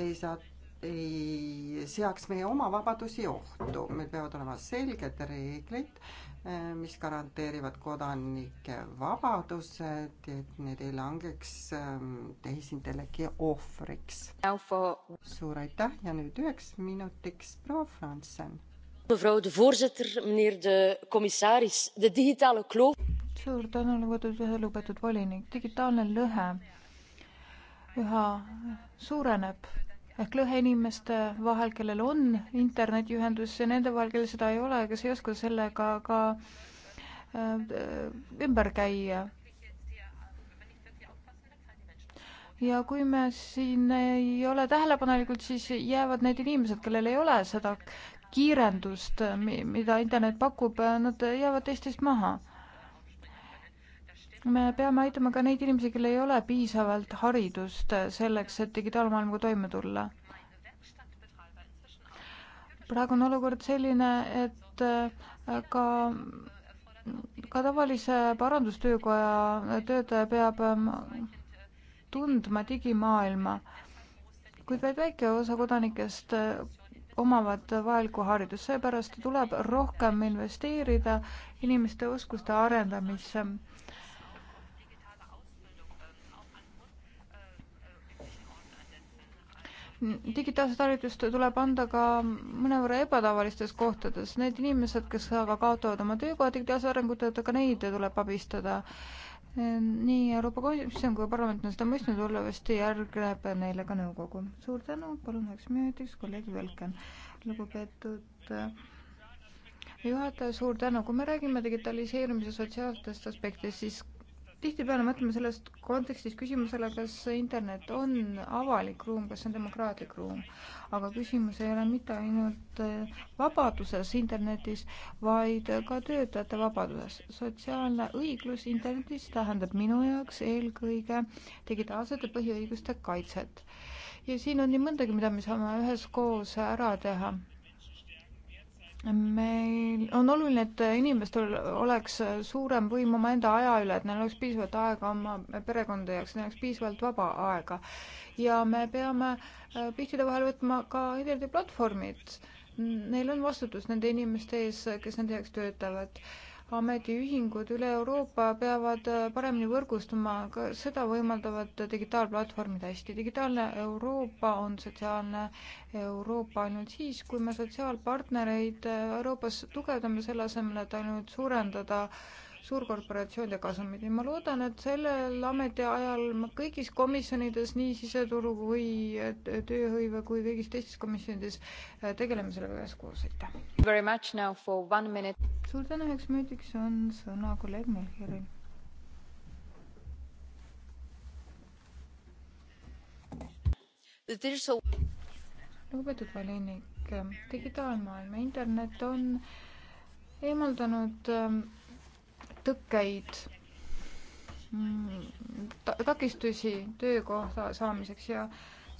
ei saa ei seaks meie oma vabadusi ohtu, meil peavad olema selged reeglid, Eh, mis garanteerivad kodanike vabadused, et need ei langeks eh, tehisintellekti ohvriks. suur aitäh ja nüüd üheks minutiks proua Franzen. mevrouw de voorzitter, meneer de commissaris, de digitale kloof. suur tänu, lugupeetud, lugupeetud volinik, digitaalne lõhe üha suureneb ehk lõhe inimeste vahel, kellel on internetiühendus ja nende vahel, kellel seda ei ole, kes ei oska sellega ka äh, ümber käia. ja kui me siin ei ole tähelepanelikud, siis jäävad need inimesed, kellel ei ole seda kiirendust, mida internet pakub, nad jäävad teistest maha me peame aitama ka neid inimesi, kellel ei ole piisavalt haridust selleks, et digitaalmaailmaga toime tulla. praegu on olukord selline, et äh, ka ka tavalise parandustöökoja töötaja peab ähm, tundma digimaailma, kuid vaid väike osa kodanikest äh, omavad vajalikku haridust, seepärast tuleb rohkem investeerida inimeste oskuste arendamisse digitaalset haridust tuleb anda ka mõnevõrra ebatavalistes kohtades. Need inimesed, kes aga kaotavad oma töökoha digitaalse arengu tõttu, ka neid tuleb abistada. nii Euroopa Komisjon kui parlament on seda mõistnud, loodetavasti järgneb neile ka nõukogu. suur tänu, palun üheks minutiks kolleeg Völken. lugupeetud äh, juhataja, suur tänu. kui me räägime digitaliseerimise sotsiaalsetest aspektidest, siis tihtipeale mõtleme selles kontekstis küsimusele, kas internet on avalik ruum, kas see on demokraatlik ruum. aga küsimus ei ole mitte ainult äh, vabaduses internetis, vaid ka töötajate vabaduses. sotsiaalne õiglus internetis tähendab minu jaoks eelkõige digitaalsete põhiõiguste kaitset. ja siin on nii mõndagi, mida me saame üheskoos ära teha meil on oluline, et inimestel oleks suurem võim omaenda aja üle, et neil oleks piisavalt aega oma perekonda jaoks, neil oleks piisavalt vaba aega. ja me peame äh, pihtide vahel võtma ka internetiplatvormid. Neil on vastutus nende inimeste ees, kes nende heaks töötavad ametiühingud üle Euroopa peavad äh, paremini võrgustuma, ka seda võimaldavad digitaalplatvormid hästi. digitaalne Euroopa on sotsiaalne Euroopa ainult siis, kui me sotsiaalpartnereid äh, Euroopas tugevdame, selle asemel, et ainult suurendada äh, suurkorporatsioonide kasumid ja ma loodan, et sellel ametiajal ma kõigis komisjonides, nii siseturu kui äh, tööhõive kui kõigis teistes komisjonides äh, tegeleme sellega üheskoos, aitäh. suur tänu, üheks minutiks on sõna kolleeg Melkiril. lugupeetud volinik, digitaalmaailm ja internet on eemaldanud ähm, tõkkeid, mm, takistusi töökoha saamiseks ja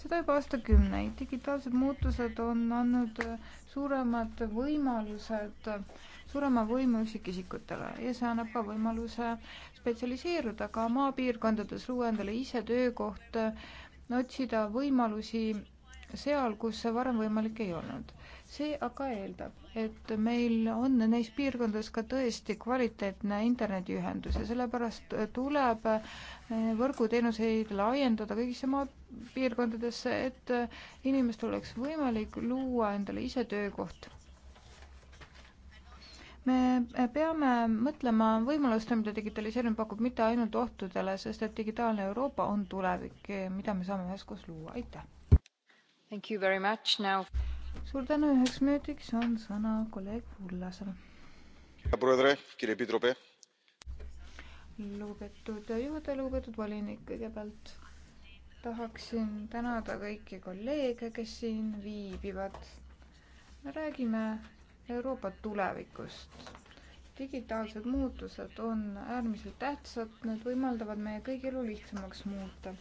seda juba aastakümneid. digitaalsed muutused on andnud suuremad võimalused, suurema võimu üksikisikutele ja see annab ka võimaluse spetsialiseeruda ka maapiirkondades, luua endale ise töökohta, otsida võimalusi seal, kus see varem võimalik ei olnud see aga eeldab, et meil on neis piirkondades ka tõesti kvaliteetne internetiühendus ja sellepärast tuleb võrguteenuseid laiendada kõigisse maapiirkondadesse, et inimestel oleks võimalik luua endale ise töökoht me peame mõtlema võimalustele, mida digitaliseerimine pakub, mitte ainult ohtudele, sest et digitaalne Euroopa on tulevik, mida me saame üheskoos luua, aitäh! suur tänu, üheks minutiks on sõna kolleeg Ullasel. lugupeetud juhataja, lugupeetud volinik, kõigepealt tahaksin tänada kõiki kolleege, kes siin viibivad. räägime Euroopa tulevikust. digitaalsed muutused on äärmiselt tähtsad, need võimaldavad meie kõigi elu lihtsamaks muuta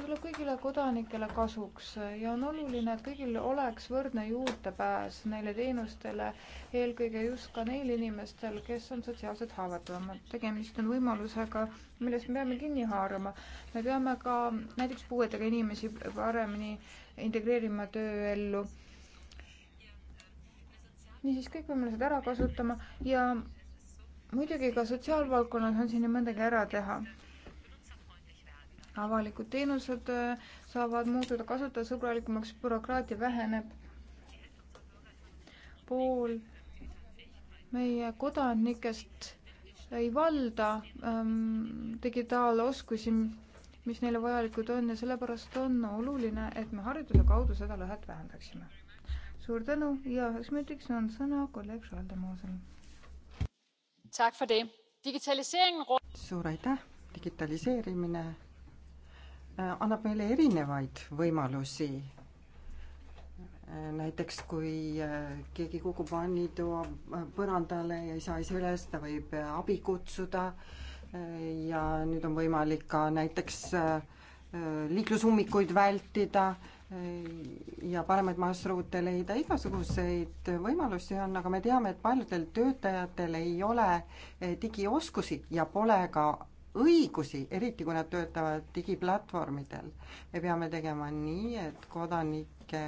see tuleb kõigile kodanikele kasuks ja on oluline, et kõigil oleks võrdne juurdepääs neile teenustele, eelkõige just ka neil inimestel, kes on sotsiaalselt haavatavamad. tegemist on võimalusega, millest me peame kinni haarama. me peame ka näiteks puuetega inimesi paremini integreerima tööellu. niisiis kõik võimalused ära kasutama ja muidugi ka sotsiaalvaldkonnas on siin nii mõndagi ära teha avalikud teenused äh, saavad muutuda kasutajasõbralikumaks, bürokraatia väheneb. pool meie kodanikest ei valda ähm, digitaaloskusi, mis neile vajalikud on ja sellepärast on oluline, et me hariduse kaudu seda lõhet vähendaksime. suur tänu ja üheks minutiks on sõna kolleeg Schaldemoosel. suur aitäh, digitaliseerimine Äh, annab meile erinevaid võimalusi. Äh, näiteks kui äh, keegi kukub vannitoa põrandale ja ei saa ise üles, ta võib abi kutsuda ja nüüd on võimalik ka näiteks liiklusummikuid vältida ja paremaid marsruute leida, igasuguseid võimalusi on, aga me teame, et paljudel töötajatel ei ole digioskusi ja pole ka õigusi, eriti kui nad töötavad digiplatvormidel. me peame tegema nii, et kodanike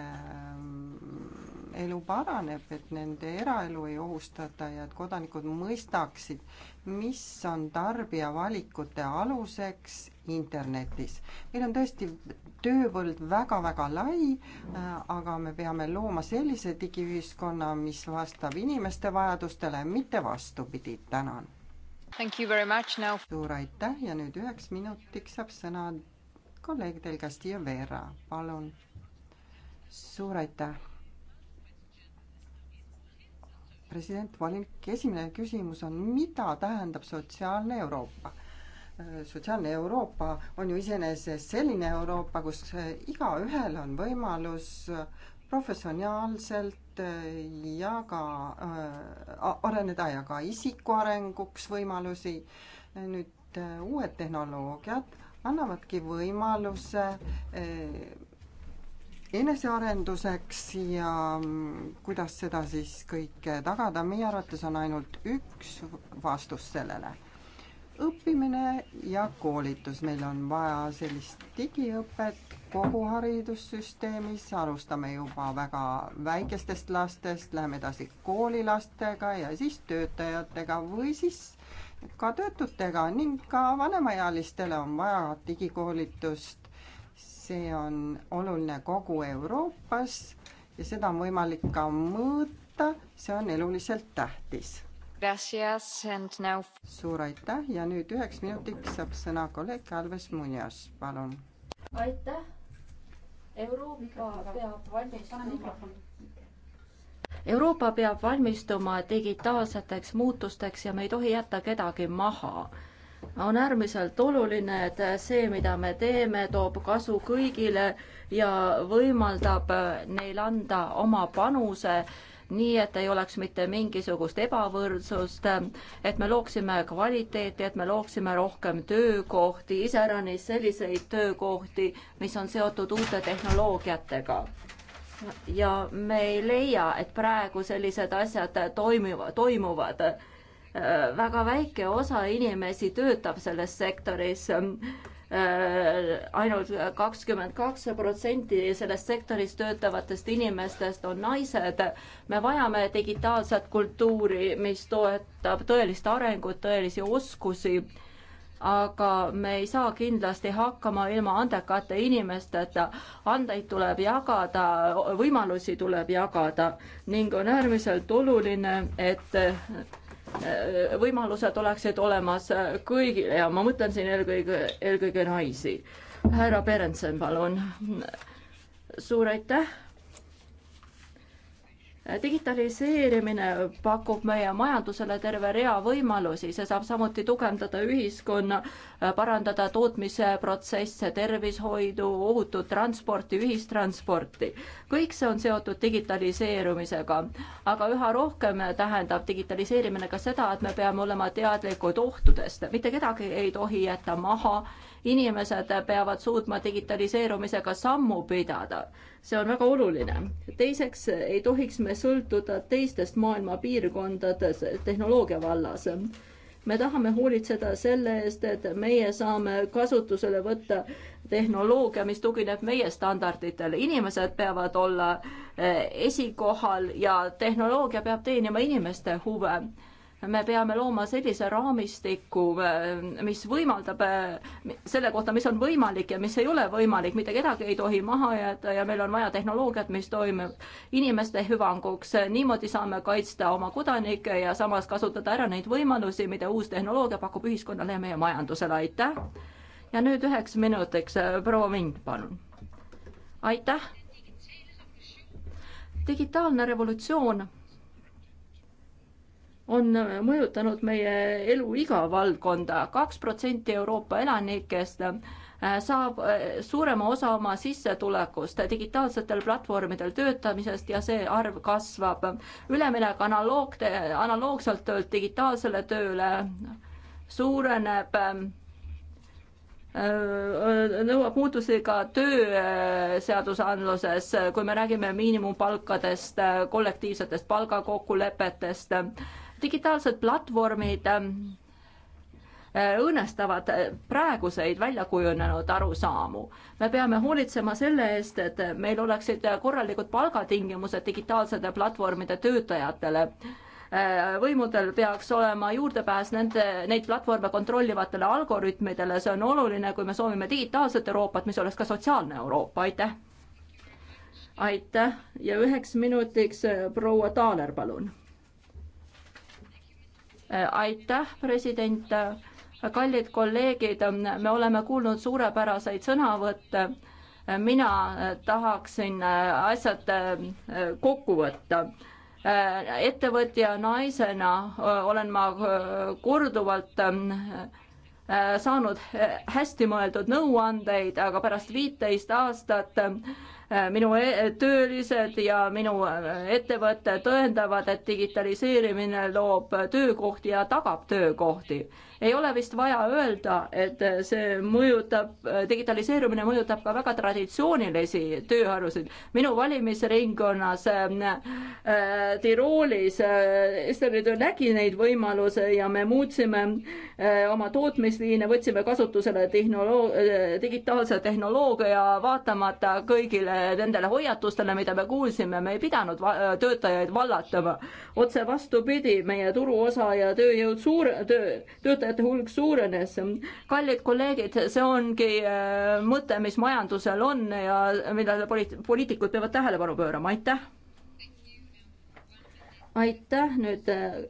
mm, elu paraneb, et nende eraelu ei ohustata ja et kodanikud mõistaksid, mis on tarbija valikute aluseks internetis. meil on tõesti tööpõld väga-väga lai, äh, aga me peame looma sellise digiühiskonna, mis vastab inimeste vajadustele, mitte vastupidi. tänan suur aitäh ja nüüd üheks minutiks saab sõna kolleeg Del Castillo Vera, palun. suur aitäh. president Volinik, esimene küsimus on, mida tähendab sotsiaalne Euroopa? sotsiaalne Euroopa on ju iseenesest selline Euroopa, kus igaühel on võimalus professionaalselt äh, ja ka äh, areneda ja ka isiku arenguks võimalusi. nüüd äh, uued tehnoloogiad annavadki võimaluse äh, enesearenduseks ja mm, kuidas seda siis kõike tagada, meie arvates on ainult üks vastus sellele õppimine ja koolitus, meil on vaja sellist digiõpet kogu haridussüsteemis, alustame juba väga väikestest lastest, läheme edasi koolilastega ja siis töötajatega või siis ka töötutega ning ka vanemaealistele on vaja digikoolitust. see on oluline kogu Euroopas ja seda on võimalik ka mõõta, see on eluliselt tähtis Now... suur aitäh ja nüüd üheks minutiks saab sõna kolleeg Alves Munjas, palun. aitäh. Euroopa peab valmistuma. Euroopa peab valmistuma digitaalseteks muutusteks ja me ei tohi jätta kedagi maha on äärmiselt oluline, et see, mida me teeme, toob kasu kõigile ja võimaldab neil anda oma panuse nii et ei oleks mitte mingisugust ebavõrdsust, et me looksime kvaliteeti, et me looksime rohkem töökohti, iseäranis selliseid töökohti, mis on seotud uute tehnoloogiatega ja me ei leia, et praegu sellised asjad toimivad, toimuvad. väga väike osa inimesi töötab selles sektoris Äh, ainult kakskümmend kaks protsenti selles sektoris töötavatest inimestest on naised. me vajame digitaalset kultuuri, mis toetab tõelist arengut, tõelisi oskusi, aga me ei saa kindlasti hakkama ilma andekate inimesteta. andeid tuleb jagada, võimalusi tuleb jagada ning on äärmiselt oluline, et võimalused oleksid olemas kõigile ja ma mõtlen siin eelkõige, eelkõige naisi. härra Berendsen, palun. suur aitäh Äh, digitaliseerimine pakub meie majandusele terve rea võimalusi, see saab samuti tugevdada ühiskonna, äh, parandada tootmise protsesse, tervishoidu, ohutut transporti, ühistransporti. kõik see on seotud digitaliseerumisega. aga üha rohkem tähendab digitaliseerimine ka seda, et me peame olema teadlikud ohtudest, mitte kedagi ei tohi jätta maha inimesed peavad suutma digitaliseerumisega sammu pidada. see on väga oluline. teiseks ei tohiks me sõltuda teistest maailma piirkondades tehnoloogia vallas me tahame hoolitseda selle eest, et meie saame kasutusele võtta tehnoloogia, mis tugineb meie standarditele. inimesed peavad olla eh, esikohal ja tehnoloogia peab teenima inimeste huve me peame looma sellise raamistiku, äh, mis võimaldab äh, selle kohta, mis on võimalik ja mis ei ole võimalik, mitte kedagi ei tohi maha jätta ja meil on vaja tehnoloogiat, mis toimib inimeste hüvanguks. niimoodi saame kaitsta oma kodanikke ja samas kasutada ära neid võimalusi, mida uus tehnoloogia pakub ühiskonnale ja meie majandusele. aitäh. ja nüüd üheks minutiks äh, proua Vind, palun. aitäh. digitaalne revolutsioon on mõjutanud meie elu iga valdkonda. kaks protsenti Euroopa elanikest äh, saab äh, suurema osa oma sissetulekust digitaalsetel platvormidel töötamisest ja see arv kasvab. üleminek analoog, analoogselt töölt digitaalsele tööle suureneb ähm, äh, nõuab muutusi ka tööseadusandluses, kui me räägime miinimumpalkadest, kollektiivsetest palgakokkulepetest digitaalsed platvormid ähm, äh, õõnestavad äh, praeguseid väljakujunenud arusaamu. me peame hoolitsema selle eest, et meil oleksid korralikud palgatingimused digitaalsete platvormide töötajatele. Äh, võimudel peaks olema juurdepääs nende, neid platvorme kontrollivatele algoritmidele, see on oluline, kui me soovime digitaalset Euroopat, mis oleks ka sotsiaalne Euroopa, aitäh! aitäh ja üheks minutiks proua Taaler, palun aitäh, president, kallid kolleegid, me oleme kuulnud suurepäraseid sõnavõtte. mina tahaksin asjad äh, kokku võtta äh, ettevõtja naisena äh, olen ma korduvalt saanud hästi mõeldud nõuandeid, aga pärast viiteist aastat Äh, minu e-, töölised ja minu äh, ettevõte tõendavad, et digitaliseerimine loob töökohti ja tagab töökohti ei ole vist vaja öelda, et see mõjutab, digitaliseerumine mõjutab ka väga traditsioonilisi tööharusid. minu valimisringkonnas äh, Tiroolis äh, Esteritöö nägi neid võimalusi ja me muutsime äh, oma tootmisliine, võtsime kasutusele tehnoloog-, äh, digitaalse tehnoloogia, vaatamata kõigile nendele hoiatustele, mida me kuulsime, me ei pidanud va töötajaid vallatama. otse vastupidi, meie turuosa ja tööjõud suur, töö, töötajad töötajate hulk suurenes. kallid kolleegid, see ongi äh, mõte, mis majandusel on ja millele poliit-, poliitikud peavad tähelepanu pöörama, aitäh! aitäh nüüd äh,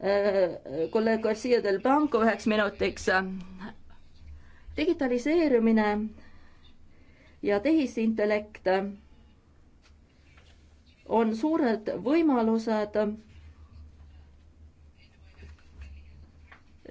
äh, kolleeg Garcia del Banco üheks minutiks. digitaliseerimine ja tehisintellekt on suured võimalused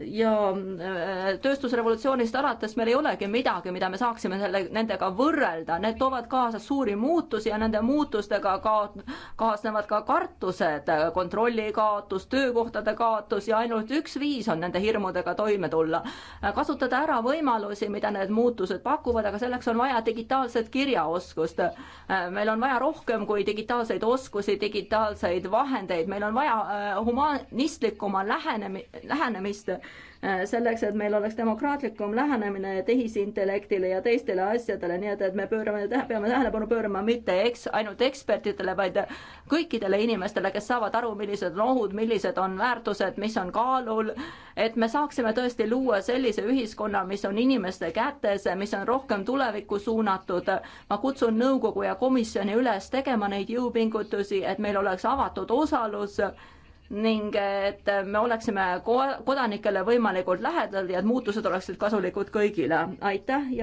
ja äh, tööstusrevolutsioonist alates meil ei olegi midagi, mida me saaksime selle, nendega võrrelda, need toovad kaasa suuri muutusi ja nende muutustega ka-, kaasnevad ka kartused, kontrolli kaotus, töökohtade kaotus ja ainult üks viis on nende hirmudega toime tulla. kasutada ära võimalusi, mida need muutused pakuvad, aga selleks on vaja digitaalset kirjaoskust. meil on vaja rohkem kui digitaalseid oskusi, digitaalseid vahendeid, meil on vaja äh, humanistlikuma lähenemi-, lähenemist Äh, selleks, et meil oleks demokraatlikum lähenemine tehisintellektile ja teistele asjadele, nii et, et me pöörame, peame tähelepanu pöörama mitte eks, ainult ekspertidele, vaid kõikidele inimestele, kes saavad aru, millised on ohud, millised on väärtused, mis on kaalul, et me saaksime tõesti luua sellise ühiskonna, mis on inimeste kätes, mis on rohkem tulevikku suunatud. ma kutsun nõukogu ja komisjoni üles tegema neid jõupingutusi, et meil oleks avatud osalus ning et me oleksime kodanikele võimalikult lähedal ja et muutused oleksid kasulikud kõigile. aitäh ja